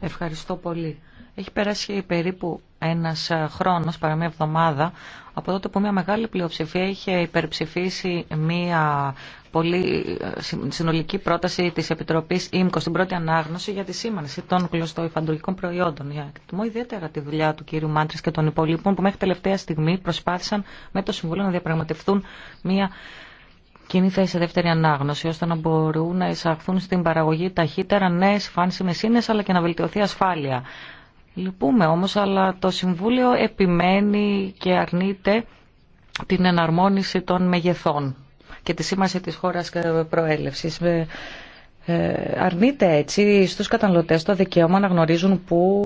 Ευχαριστώ πολύ. Έχει περάσει περίπου ένας ε, χρόνος, παρά μια εβδομάδα, από τότε που μια μεγάλη πλειοψηφία είχε υπερψηφίσει μια πολύ ε, συνολική πρόταση της Επιτροπής ΙΜΚΟ στην πρώτη ανάγνωση για τη σήμανση των κλωστοϊφαντουργικών προϊόντων. Για εκτιμώ ιδιαίτερα τη δουλειά του κύριου Μάντρης και των υπολείπων που μέχρι τελευταία στιγμή προσπάθησαν με το Συμβούλιο να διαπραγματευτούν μια κοινή θέση σε δεύτερη ανάγνωση, ώστε να μπορούν να εισαχθούν στην παραγωγή ταχύτερα νέε φάνσιμε ίνε, αλλά και να βελτιωθεί ασφάλεια. Λυπούμε όμως, αλλά το Συμβούλιο επιμένει και αρνείται την εναρμόνιση των μεγεθών και τη σήμαση της χώρας προέλευσης. Ε, ε, αρνείται έτσι στους καταναλωτές το δικαίωμα να γνωρίζουν που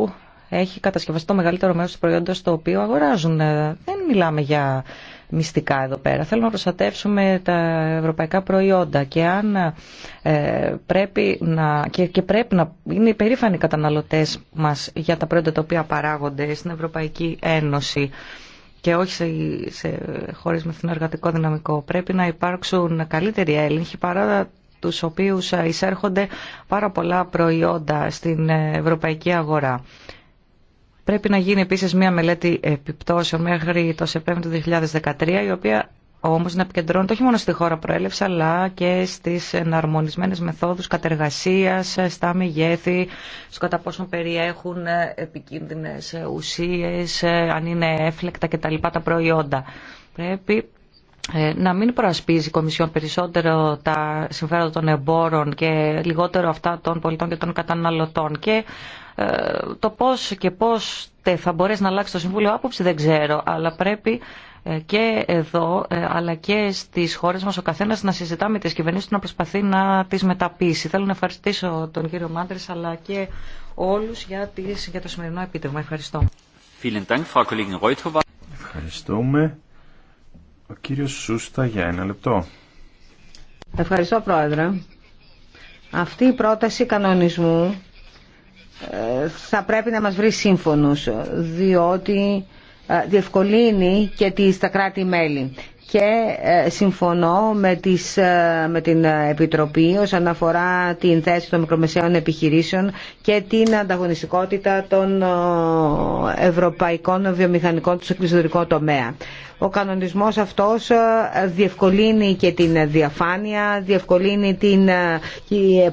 έχει κατασκευαστεί το μεγαλύτερο μέρος του προϊόντος το οποίο αγοράζουν. Ε, δεν μιλάμε για μυστικά εδώ πέρα. Θέλουμε να προστατεύσουμε τα ευρωπαϊκά προϊόντα και αν ε, πρέπει να, και, και, πρέπει να είναι υπερήφανοι οι καταναλωτές μας για τα προϊόντα τα οποία παράγονται στην Ευρωπαϊκή Ένωση και όχι σε, σε χώρες με φθηνό δυναμικό. Πρέπει να υπάρξουν καλύτεροι έλεγχοι παρά τους οποίους εισέρχονται πάρα πολλά προϊόντα στην ευρωπαϊκή αγορά. Πρέπει να γίνει επίσης μια μελέτη επιπτώσεων μέχρι το Σεπτέμβριο του 2013, η οποία όμως να επικεντρώνεται όχι μόνο στη χώρα προέλευση, αλλά και στις εναρμονισμένες μεθόδους κατεργασίας, στα μεγέθη, στο κατά πόσο περιέχουν επικίνδυνες ουσίες, αν είναι έφλεκτα κτλ. τα προϊόντα. Πρέπει ε, να μην προασπίζει η Κομισιόν περισσότερο τα συμφέροντα των εμπόρων και λιγότερο αυτά των πολιτών και των καταναλωτών. Και ε, το πώς και πώς θα μπορέσει να αλλάξει το Συμβούλιο άποψη δεν ξέρω, αλλά πρέπει ε, και εδώ ε, αλλά και στις χώρες μας ο καθένας να συζητά με τις κυβερνήσεις να προσπαθεί να τις μεταπίσει. Θέλω να ευχαριστήσω τον κύριο μάντρη, αλλά και όλους για, για το σημερινό επίτευγμα. Ευχαριστώ. Ευχαριστούμε. Ο κύριος Σούστα για ένα λεπτό. Ευχαριστώ Πρόεδρε. Αυτή η πρόταση κανονισμού θα πρέπει να μας βρει σύμφωνους, διότι ε, διευκολύνει και τα κράτη-μέλη. Και ε, συμφωνώ με, τις, ε, με την Επιτροπή όσον αφορά την θέση των μικρομεσαίων επιχειρήσεων και την ανταγωνιστικότητα των ευρωπαϊκών βιομηχανικών του εξωτερικό τομέα. Ο κανονισμός αυτός ε, διευκολύνει και την διαφάνεια, διευκολύνει την ε,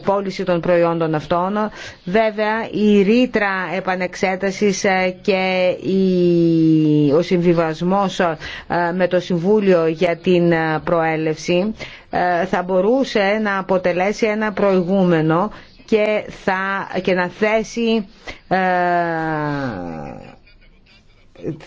πώληση των προϊόντων αυτών. Βέβαια, η ρήτρα επανεξέτασης ε, και ο συμβιβασμός με το Συμβούλιο για την προέλευση θα μπορούσε να αποτελέσει ένα προηγούμενο και, θα, και να θέσει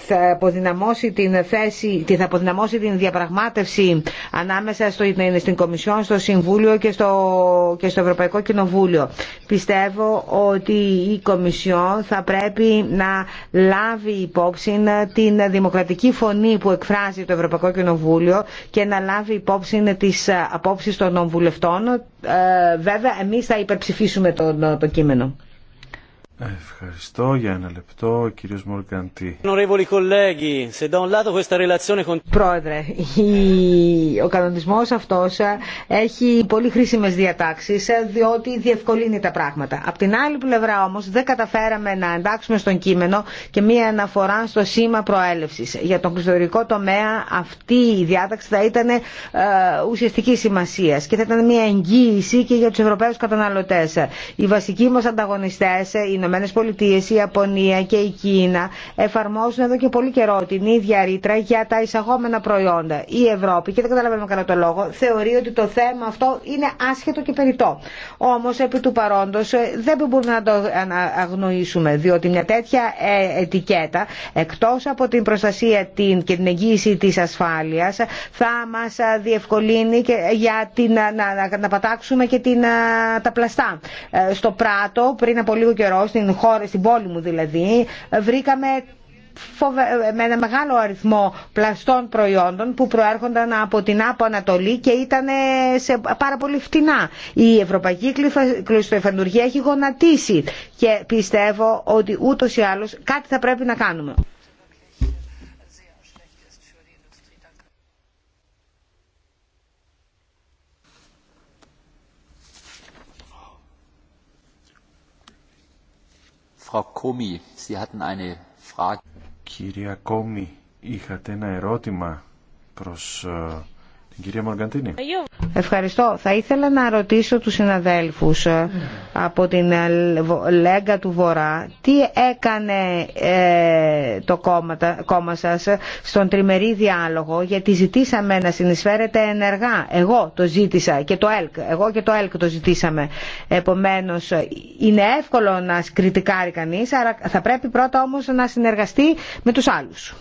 θα αποδυναμώσει την θέση, θα αποδυναμώσει την διαπραγμάτευση ανάμεσα στο, στην Κομισιόν, στο Συμβούλιο και στο, και στο Ευρωπαϊκό Κοινοβούλιο. Πιστεύω ότι η Κομισιόν θα πρέπει να λάβει υπόψη την δημοκρατική φωνή που εκφράζει το Ευρωπαϊκό Κοινοβούλιο και να λάβει υπόψη τις απόψεις των βουλευτών. Ε, βέβαια, εμείς θα υπερψηφίσουμε το, το κείμενο. Ευχαριστώ για ένα λεπτό, κύριος Μορκαντή. Πρόεδρε, ο κανονισμός αυτός ε, έχει πολύ χρήσιμες διατάξεις, ε, διότι διευκολύνει τα πράγματα. Απ' την άλλη πλευρά όμως δεν καταφέραμε να εντάξουμε στον κείμενο και μία αναφορά στο σήμα προέλευσης. Για τον κλειστορικό τομέα αυτή η διάταξη θα ήταν ε, ουσιαστική σημασία και θα ήταν μία εγγύηση και για τους Ευρωπαίους καταναλωτές. Οι βασικοί μας ανταγωνιστές, οι Ηνωμένε Πολιτείε, η Ιαπωνία και η Κίνα εφαρμόζουν εδώ και πολύ καιρό την ίδια ρήτρα για τα εισαγόμενα προϊόντα. Η Ευρώπη, και δεν καταλαβαίνω κανένα το λόγο, θεωρεί ότι το θέμα αυτό είναι άσχετο και περιττό. Όμω, επί του παρόντο, ε, δεν μπορούμε να το αγνοήσουμε, διότι μια τέτοια ε, ετικέτα, εκτό από την προστασία και την εγγύηση τη ασφάλεια, θα μα διευκολύνει για την, να, να, να πατάξουμε και την, ε, τα πλαστά. Στο Πράτο, πριν από λίγο καιρό, στην χώρα, στην πόλη μου δηλαδή, βρήκαμε με ένα μεγάλο αριθμό πλαστών προϊόντων που προέρχονταν από την Άπο Ανατολή και ήταν ε, πάρα πολύ φτηνά. Η Ευρωπαϊκή κλειστοεφαντουργία έχει γονατίσει και πιστεύω ότι ούτως ή άλλως κάτι θα πρέπει να κάνουμε. Κυρία Κόμι, είχατε ένα ερώτημα προς ε, Ευχαριστώ. Θα ήθελα να ρωτήσω τους συναδέλφους ε, από την ε, Λέγκα του Βορρά τι έκανε ε, το κόμμα, κόμμα σας στον τριμερή διάλογο γιατί ζητήσαμε να συνεισφέρετε ενεργά. Εγώ το ζήτησα και το ΕΛΚ. Εγώ και το ΕΛΚ το ζητήσαμε. Επομένως είναι εύκολο να κριτικάρει κανείς αλλά θα πρέπει πρώτα όμως να συνεργαστεί με τους άλλους.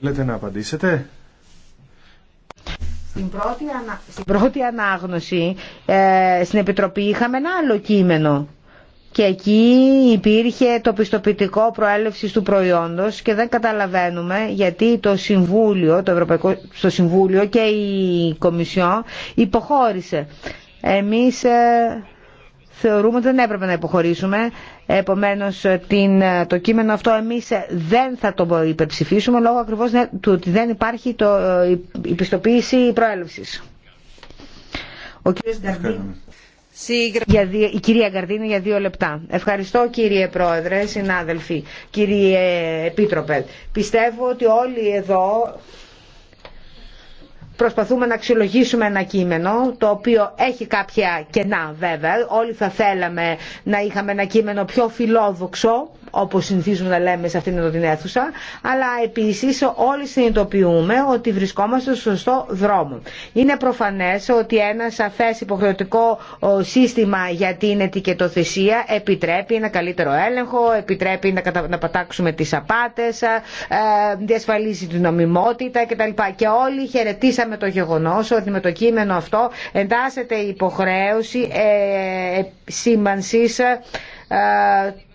Λέτε να απαντήσετε. Στην πρώτη, ανάγνωση ε, στην Επιτροπή είχαμε ένα άλλο κείμενο και εκεί υπήρχε το πιστοποιητικό προέλευσης του προϊόντος και δεν καταλαβαίνουμε γιατί το Συμβούλιο, το Ευρωπαϊκό, στο Συμβούλιο και η Κομισιό υποχώρησε. Εμείς ε, θεωρούμε ότι δεν έπρεπε να υποχωρήσουμε. Επομένως το κείμενο αυτό εμείς δεν θα το υπερψηφίσουμε λόγω ακριβώς ναι, του ότι δεν υπάρχει το, ε, η πιστοποίηση προέλευσης. Ο κύριος για δύ- η κυρία Γκαρδίνη για δύο λεπτά. Ευχαριστώ κύριε Πρόεδρε, συνάδελφοι, κύριε Επίτροπε. Πιστεύω ότι όλοι εδώ προσπαθούμε να αξιολογήσουμε ένα κείμενο το οποίο έχει κάποια κενά βέβαια. Όλοι θα θέλαμε να είχαμε ένα κείμενο πιο φιλόδοξο όπως συνηθίζουμε να λέμε σε αυτήν εδώ την αίθουσα, αλλά επίσης όλοι συνειδητοποιούμε ότι βρισκόμαστε στο σωστό δρόμο. Είναι προφανές ότι ένα σαφές υποχρεωτικό σύστημα για την ετικετοθεσία επιτρέπει ένα καλύτερο έλεγχο, επιτρέπει να πατάξουμε τις απάτες, ε, διασφαλίζει την νομιμότητα κτλ. Και όλοι χαιρετήσαμε το γεγονός ότι με το κείμενο αυτό εντάσσεται η υποχρέωση ε, ε σήμανσης ε,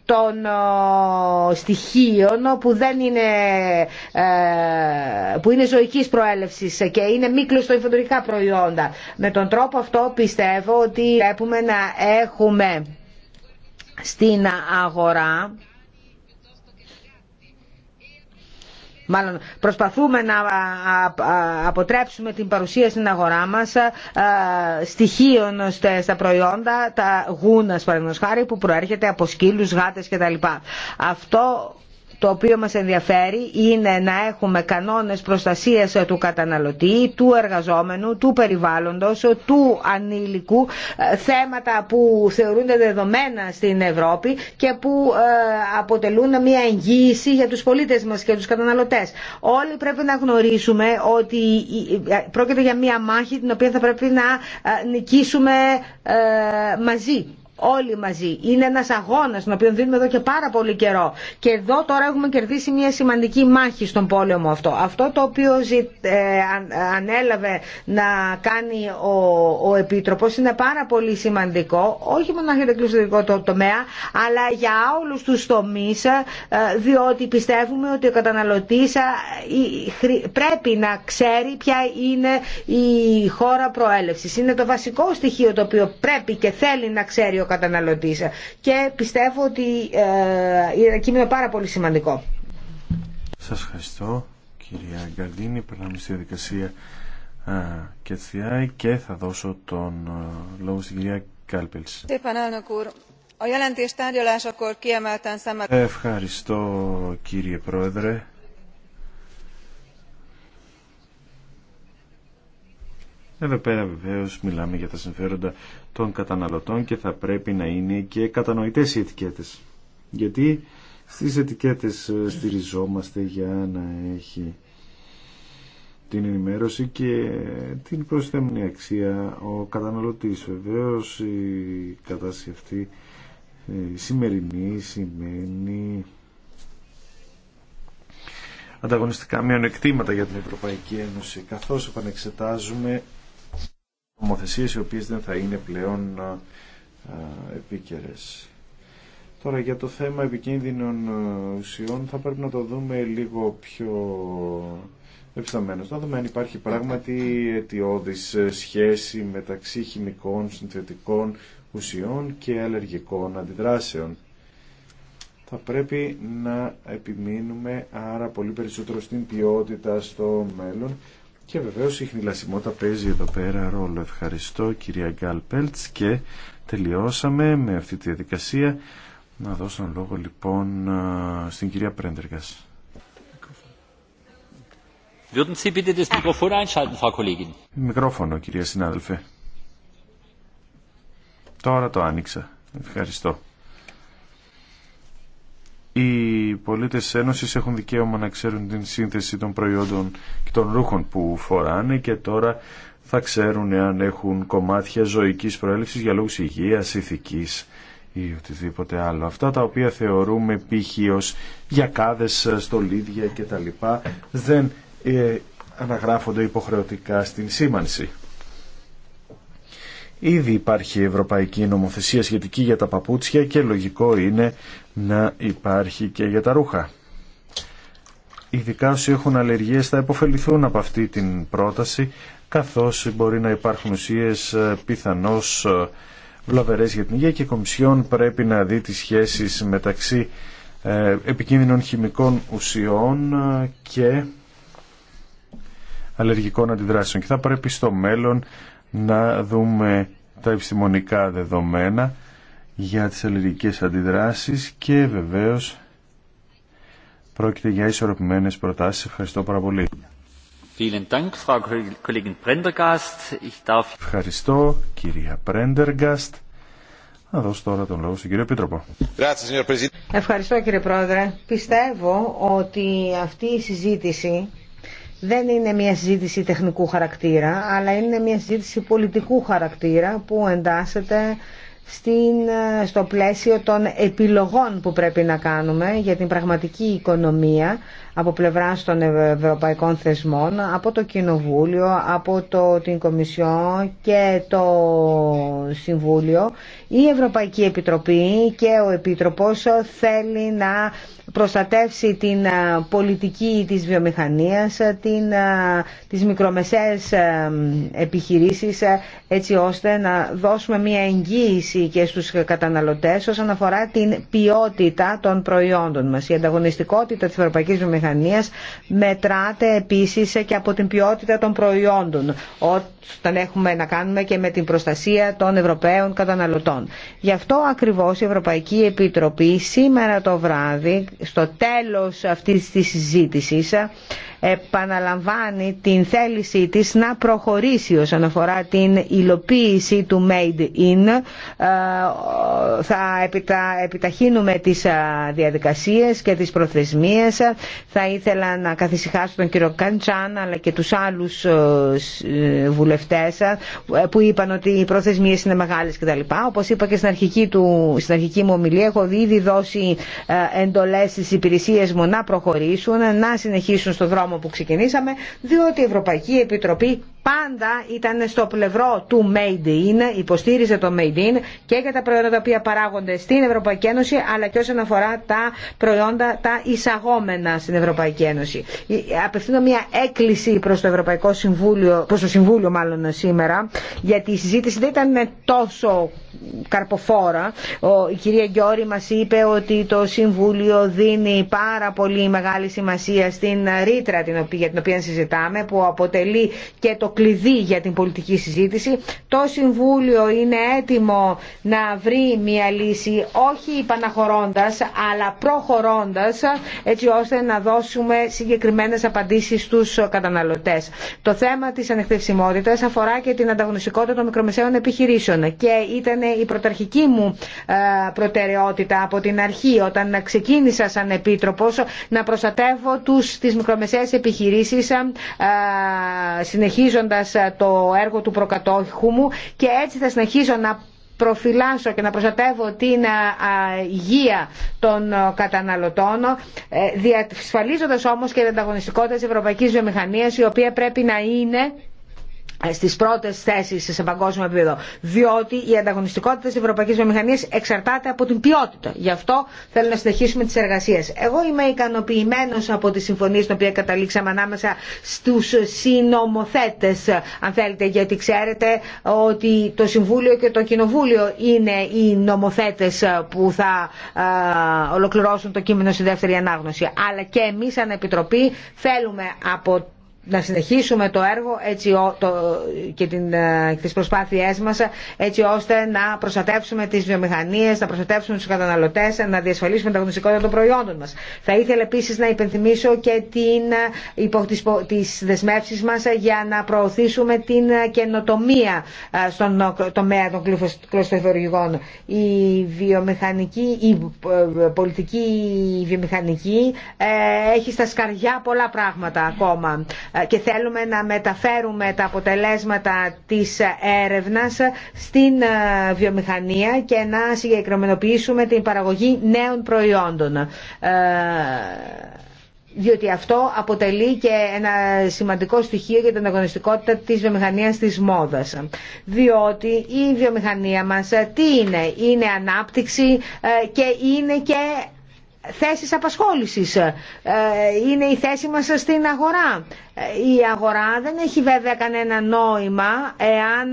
των ε, στοιχείων που δεν είναι, ε, που είναι ζωικής προέλευσης και είναι το κλωστοϊφαντουργικά προϊόντα. Με τον τρόπο αυτό πιστεύω ότι πρέπει να έχουμε στην αγορά Μάλλον προσπαθούμε να αποτρέψουμε την παρουσία στην αγορά μας στοιχείων στα προϊόντα, τα γούνας παραδείγματος χάρη που προέρχεται από σκύλους, γάτες κτλ. Αυτό το οποίο μας ενδιαφέρει είναι να έχουμε κανόνες προστασίας του καταναλωτή, του εργαζόμενου, του περιβάλλοντος, του ανήλικου, ε, θέματα που θεωρούνται δεδομένα στην Ευρώπη και που ε, αποτελούν μια εγγύηση για τους πολίτες μας και τους καταναλωτές. Όλοι πρέπει να γνωρίσουμε ότι ε, πρόκειται για μια μάχη την οποία θα πρέπει να νικήσουμε μαζί όλοι μαζί. Είναι ένας αγώνας τον οποίο δίνουμε εδώ και πάρα πολύ καιρό. Και εδώ τώρα έχουμε κερδίσει μια σημαντική μάχη στον πόλεμο αυτό. Αυτό το οποίο ε, ανέλαβε να κάνει ο, ο Επίτροπος είναι πάρα πολύ σημαντικό, όχι μόνο για το κλειστοδικό το τομέα, αλλά για όλους τους τομείς, ε, διότι πιστεύουμε ότι ο καταναλωτής ε, πρέπει να ξέρει ποια είναι η χώρα προέλευσης. Είναι το βασικό στοιχείο το οποίο πρέπει και θέλει να ξέρει ο καταναλωτή. Και πιστεύω ότι ε, είναι ένα κείμενο πάρα πολύ σημαντικό. Σα ευχαριστώ κυρία Γκαρδίνη. Περνάμε στη διαδικασία ε, και και θα δώσω τον ε, λόγο στην κυρία Κάλπελ. Ευχαριστώ κύριε Πρόεδρε. Εδώ πέρα βεβαίω μιλάμε για τα συμφέροντα των καταναλωτών και θα πρέπει να είναι και κατανοητές οι ετικέτες. Γιατί στις ετικέτες ε, στηριζόμαστε για να έχει την ενημέρωση και την προσθέμενη αξία ο καταναλωτής. Βεβαίως η κατάσταση αυτή ε, η σημερινή σημαίνει ανταγωνιστικά μειονεκτήματα για την Ευρωπαϊκή Ένωση καθώς επανεξετάζουμε νομοθεσίες οι οποίες δεν θα είναι πλέον επίκαιρες. Τώρα για το θέμα επικίνδυνων ουσιών θα πρέπει να το δούμε λίγο πιο επισταμμένος. Να δούμε αν υπάρχει πράγματι αιτιώδης ε, σχέση μεταξύ χημικών, συνθετικών ουσιών και αλλεργικών αντιδράσεων. Θα πρέπει να επιμείνουμε άρα πολύ περισσότερο στην ποιότητα στο μέλλον και βεβαίως η χνηλασιμότητα παίζει εδώ πέρα ρόλο. Ευχαριστώ κυρία Γκάλ Πέλτς και τελειώσαμε με αυτή τη διαδικασία. Να δώσω τον λόγο λοιπόν στην κυρία Πρέντεργας. Μικρόφωνο κυρία συνάδελφε. Τώρα το άνοιξα. Ευχαριστώ. πολίτες τη Ένωση έχουν δικαίωμα να ξέρουν την σύνθεση των προϊόντων και των ρούχων που φοράνε και τώρα θα ξέρουν αν έχουν κομμάτια ζωικής προέλευσης για λόγους υγείας, ηθικής ή οτιδήποτε άλλο. Αυτά τα οποία θεωρούμε π.χ. ω γιακάδε, στολίδια κτλ. δεν ε, αναγράφονται υποχρεωτικά στην σήμανση. Ήδη υπάρχει ευρωπαϊκή νομοθεσία σχετική για τα παπούτσια και λογικό είναι να υπάρχει και για τα ρούχα. Ειδικά όσοι έχουν αλλεργίες θα υποφεληθούν από αυτή την πρόταση, καθώς μπορεί να υπάρχουν ουσίες ε, πιθανώς ε, βλαβερές για την υγεία και η Κομισιόν πρέπει να δει τις σχέσεις μεταξύ ε, επικίνδυνων χημικών ουσιών και αλλεργικών αντιδράσεων και θα πρέπει στο μέλλον να δούμε τα επιστημονικά δεδομένα για τις αλληλικές αντιδράσεις και βεβαίως πρόκειται για ισορροπημένες προτάσεις. Ευχαριστώ πάρα πολύ. Ευχαριστώ κυρία Πρέντεργκαστ. Να δώσω τώρα τον λόγο στον κύριο Επίτροπο. Ευχαριστώ κύριε Πρόεδρε. Πιστεύω ότι αυτή η συζήτηση δεν είναι μια συζήτηση τεχνικού χαρακτήρα, αλλά είναι μια συζήτηση πολιτικού χαρακτήρα που εντάσσεται στην, στο πλαίσιο των επιλογών που πρέπει να κάνουμε για την πραγματική οικονομία από πλευράς των ευρωπαϊκών θεσμών, από το Κοινοβούλιο, από το, την Κομισιό και το Συμβούλιο. Η Ευρωπαϊκή Επιτροπή και ο Επίτροπος θέλει να προστατεύσει την πολιτική της βιομηχανίας, την, τις μικρομεσαίες επιχειρήσεις, έτσι ώστε να δώσουμε μια εγγύηση και στους καταναλωτές όσον αφορά την ποιότητα των προϊόντων μας. Η ανταγωνιστικότητα της ευρωπαϊκής βιομηχανίας μετράται επίσης και από την ποιότητα των προϊόντων όταν έχουμε να κάνουμε και με την προστασία των Ευρωπαίων καταναλωτών. Γι' αυτό ακριβώς η Ευρωπαϊκή Επιτροπή σήμερα το βράδυ, στο τέλος αυτής της συζήτησης, επαναλαμβάνει την θέλησή της να προχωρήσει όσον αφορά την υλοποίηση του Made in. Ε, θα επιταχύνουμε τις ε, διαδικασίες και τις προθεσμίες. Θα ήθελα να καθησυχάσω τον κύριο Καντσάν αλλά και τους άλλους ε, βουλευτές που είπαν ότι οι προθεσμίες είναι μεγάλες κτλ. Όπως είπα και στην αρχική, του, στην αρχική μου ομιλία έχω ήδη δώσει εντολές στις υπηρεσίες μου να προχωρήσουν, να συνεχίσουν στο δρόμο που ξεκινήσαμε, διότι η Ευρωπαϊκή Επιτροπή πάντα ήταν στο πλευρό του Made in, υποστήριζε το Made in και για τα προϊόντα τα οποία παράγονται στην Ευρωπαϊκή Ένωση αλλά και όσον αφορά τα προϊόντα τα εισαγόμενα στην Ευρωπαϊκή Ένωση. Απευθύνω μια έκκληση προς το Ευρωπαϊκό Συμβούλιο, προς το Συμβούλιο μάλλον σήμερα, γιατί η συζήτηση δεν ήταν τόσο καρποφόρα. η κυρία Γιώρη μας είπε ότι το Συμβούλιο δίνει πάρα πολύ μεγάλη σημασία στην ρήτρα την οποία, για την οποία συζητάμε που αποτελεί και το κλειδί για την πολιτική συζήτηση. Το Συμβούλιο είναι έτοιμο να βρει μια λύση, όχι υπαναχωρώντας, αλλά προχωρώντας, έτσι ώστε να δώσουμε συγκεκριμένες απαντήσεις στους καταναλωτές. Το θέμα της ανεκτευσιμότητας αφορά και την ανταγωνιστικότητα των μικρομεσαίων επιχειρήσεων και ήταν η πρωταρχική μου ε, προτεραιότητα από την αρχή όταν ξεκίνησα σαν επίτροπος να προστατεύω τους, τις μικρομεσαίες επιχειρήσεις ε, συνεχίζω στηρίζοντας ε, το έργο του προκατόχου μου και έτσι θα συνεχίσω να προφυλάσω και να προστατεύω την ε, ε, υγεία των καταναλωτών, διασφαλίζοντας όμως και την ανταγωνιστικότητα της ευρωπαϊκής βιομηχανίας, η οποία πρέπει να είναι ε, Στι πρώτε θέσει σε παγκόσμιο επίπεδο. Διότι η ανταγωνιστικότητα τη Ευρωπαϊκή Βιομηχανία εξαρτάται από την ποιότητα. Γι' αυτό θέλω να συνεχίσουμε τι εργασίες. Εγώ είμαι ικανοποιημένο από τη συμφωνία στην οποία καταλήξαμε ανάμεσα στου σύνομοθέτε, αν θέλετε, γιατί ξέρετε ότι το Συμβούλιο και το Κοινοβούλιο είναι οι νομοθέτε που θα ε, ολοκληρώσουν το κείμενο στη δεύτερη ανάγνωση. Αλλά και εμεί, σαν Επιτροπή θέλουμε από να συνεχίσουμε το έργο έτσι, το, και την, ε, τις προσπάθειές μας έτσι ώστε να προστατεύσουμε τις βιομηχανίες, να προστατεύσουμε τους καταναλωτές, να διασφαλίσουμε τα γνωστικότητα των προϊόντων μας. Θα ήθελα επίσης να υπενθυμίσω και την, ε, υπό, τις, δεσμεύσεις μας για να προωθήσουμε την ε, καινοτομία στον τομέα των κλωστοϊδουργικών. Η βιομηχανική, η πολιτική βιομηχανική έχει στα σκαριά πολλά πράγματα ακόμα. Ε, και θέλουμε να μεταφέρουμε τα αποτελέσματα της έρευνας στην ε, βιομηχανία και να συγκεκριμενοποιήσουμε την παραγωγή νέων προϊόντων ε, διότι αυτό αποτελεί και ένα σημαντικό στοιχείο για την ανταγωνιστικότητα της βιομηχανίας της μόδας. Διότι η βιομηχανία μας τι είναι, είναι ανάπτυξη και είναι και θέσεις απασχόλησης, ε, είναι η θέση μας στην αγορά. Ε, η αγορά δεν έχει βέβαια κανένα νόημα εάν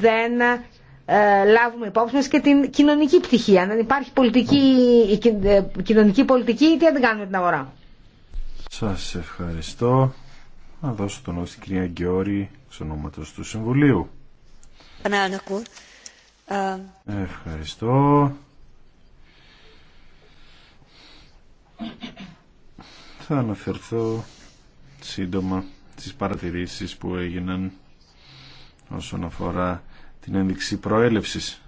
δεν ε, λάβουμε υπόψη μας και την κοινωνική πτυχή. Αν δεν υπάρχει πολιτική, κοινωνική πολιτική, τι δεν κάνουμε την αγορά. Σας ευχαριστώ. Να δώσω τον λόγο στην κυρία Γκιόρη, εξ του Συμβουλίου. Ευχαριστώ. Θα αναφερθώ σύντομα στις παρατηρήσεις που έγιναν όσον αφορά την ένδειξη προέλευσης.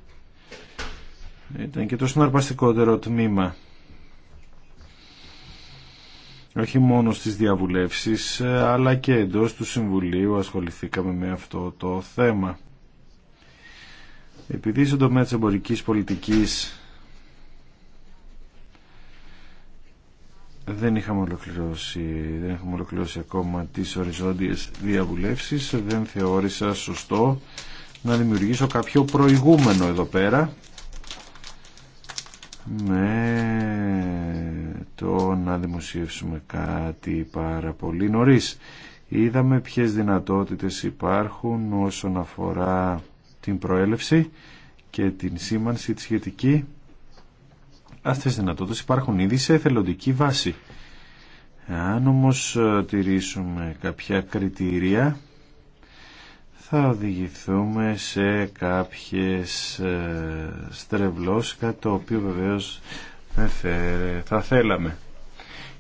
Ήταν και το συναρπαστικότερο τμήμα. Όχι μόνο στις διαβουλεύσεις, αλλά και εντός του Συμβουλίου ασχοληθήκαμε με αυτό το θέμα. Επειδή στον τομέα της εμπορικής πολιτικής δεν είχαμε ολοκληρώσει, δεν έχουμε ολοκληρώσει ακόμα τις οριζόντιες διαβουλεύσεις. Δεν θεώρησα σωστό να δημιουργήσω κάποιο προηγούμενο εδώ πέρα με το να δημοσιεύσουμε κάτι πάρα πολύ νωρίς. Είδαμε ποιες δυνατότητες υπάρχουν όσον αφορά την προέλευση και την σήμανση τη σχετική Αυτές οι δυνατότητες υπάρχουν ήδη σε εθελοντική βάση. Αν όμως ε, τηρήσουμε κάποια κριτήρια θα οδηγηθούμε σε κάποιες ε, στρεβλόσκα, κάτι το οποίο βεβαίως θα θέλαμε.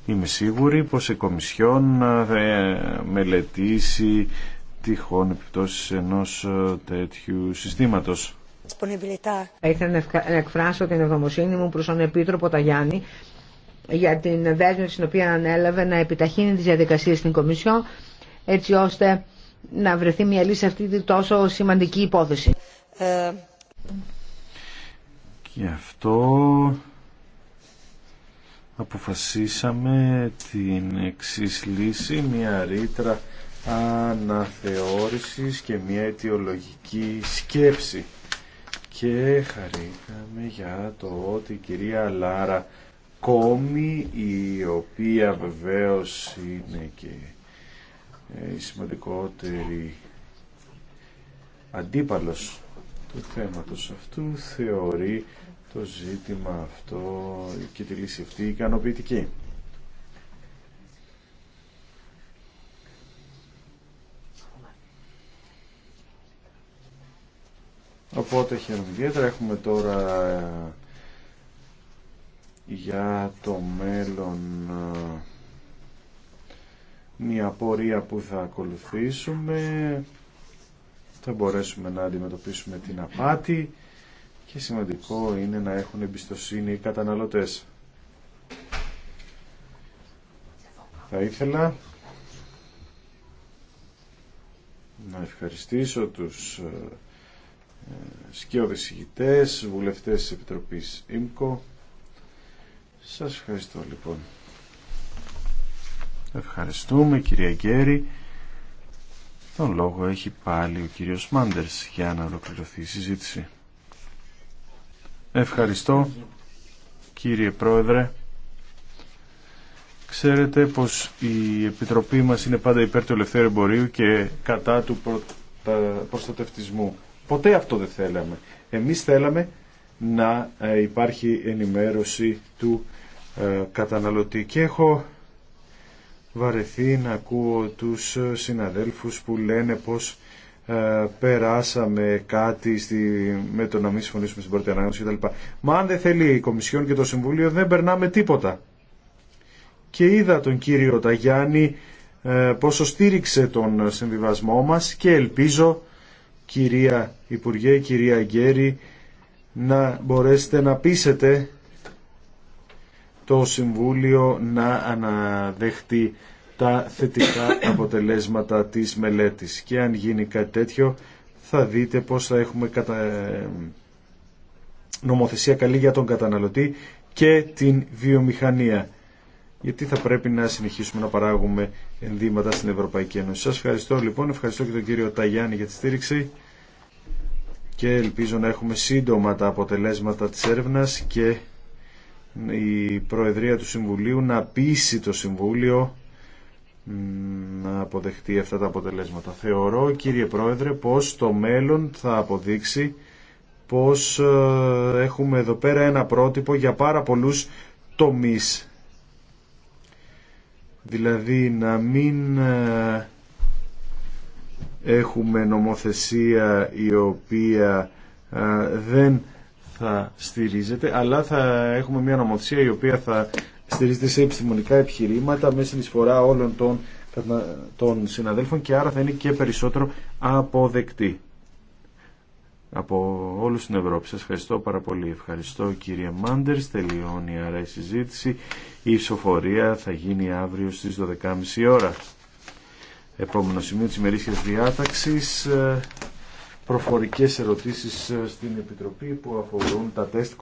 Είμαι σίγουρη πως η Κομισιόν θα ε, μελετήσει τυχόν επιπτώσεις ενός τέτοιου συστήματος. Θα ήθελα να εκφράσω την ευγνωμοσύνη μου προς τον Επίτροπο Ταγιάννη για την δέσμευση την οποία ανέλαβε να επιταχύνει τις διαδικασίες στην Κομισιό έτσι ώστε να βρεθεί μια λύση σε αυτή τη τόσο σημαντική υπόθεση. Ε... Και αυτό αποφασίσαμε την εξή λύση, μια ρήτρα αναθεώρησης και μια αιτιολογική σκέψη και χαρήκαμε για το ότι η κυρία Λάρα Κόμη, η οποία βεβαίως είναι και ε, η σημαντικότερη αντίπαλος του θέματος αυτού, θεωρεί το ζήτημα αυτό και τη λύση αυτή ικανοποιητική. Οπότε χαίρομαι ιδιαίτερα. Έχουμε τώρα ε, για το μέλλον ε, μια πορεία που θα ακολουθήσουμε. Θα μπορέσουμε να αντιμετωπίσουμε την απάτη και σημαντικό είναι να έχουν εμπιστοσύνη οι καταναλωτές. Θα ήθελα να ευχαριστήσω τους ε, σκιώδες ηγητές, βουλευτές της Επιτροπής ΙΜΚΟ. Σας ευχαριστώ λοιπόν. Ευχαριστούμε κυρία Γκέρη. Τον λόγο έχει πάλι ο κύριος Μάντερς για να ολοκληρωθεί η συζήτηση. Ευχαριστώ κύριε Πρόεδρε. Ξέρετε πως η Επιτροπή μας είναι πάντα υπέρ του ελευθέρου εμπορίου και κατά του προστατευτισμού. Ποτέ αυτό δεν θέλαμε. Εμείς θέλαμε να ε, υπάρχει ενημέρωση του ε, καταναλωτή. Και έχω βαρεθεί να ακούω τους ε, συναδέλφους που λένε πως περάσαμε κάτι στη, με το να μην συμφωνήσουμε στην πρώτη ανάγνωση κτλ. Μα αν δεν θέλει η Κομισιόν και το Συμβούλιο δεν περνάμε τίποτα. Και είδα τον κύριο Ταγιάννη ε, πόσο στήριξε τον συμβιβασμό μας και ελπίζω κυρία Υπουργέ, κυρία Γκέρι, να μπορέσετε να πείσετε το Συμβούλιο να αναδεχτεί τα θετικά <coughs> αποτελέσματα της μελέτης. Και αν γίνει κάτι τέτοιο θα δείτε πώς θα έχουμε κατα... νομοθεσία καλή για τον καταναλωτή και την βιομηχανία γιατί θα πρέπει να συνεχίσουμε να παράγουμε ενδύματα στην Ευρωπαϊκή Ένωση. Σας ευχαριστώ λοιπόν, ευχαριστώ και τον κύριο Ταγιάννη για τη στήριξη και ελπίζω να έχουμε σύντομα τα αποτελέσματα της έρευνας και η Προεδρία του Συμβουλίου να πείσει το Συμβούλιο να αποδεχτεί αυτά τα αποτελέσματα. Θεωρώ κύριε Πρόεδρε πως το μέλλον θα αποδείξει πως ε, έχουμε εδώ πέρα ένα πρότυπο για πάρα πολλούς τομείς Δηλαδή να μην ε, έχουμε νομοθεσία η οποία ε, δεν θα στηρίζεται, αλλά θα έχουμε μια νομοθεσία η οποία θα στηρίζεται σε επιστημονικά επιχειρήματα με συνεισφορά όλων των, των συναδέλφων και άρα θα είναι και περισσότερο αποδεκτή από όλους στην Ευρώπη. Σας ευχαριστώ πάρα πολύ. Ευχαριστώ κύριε Μάντερς. Τελειώνει άρα η συζήτηση. Η ισοφορία θα γίνει αύριο στις 12.30 ώρα. Επόμενο σημείο της ημερήσιας διάταξης. Ε, προφορικές ερωτήσεις ε, στην Επιτροπή που αφορούν τα τεστ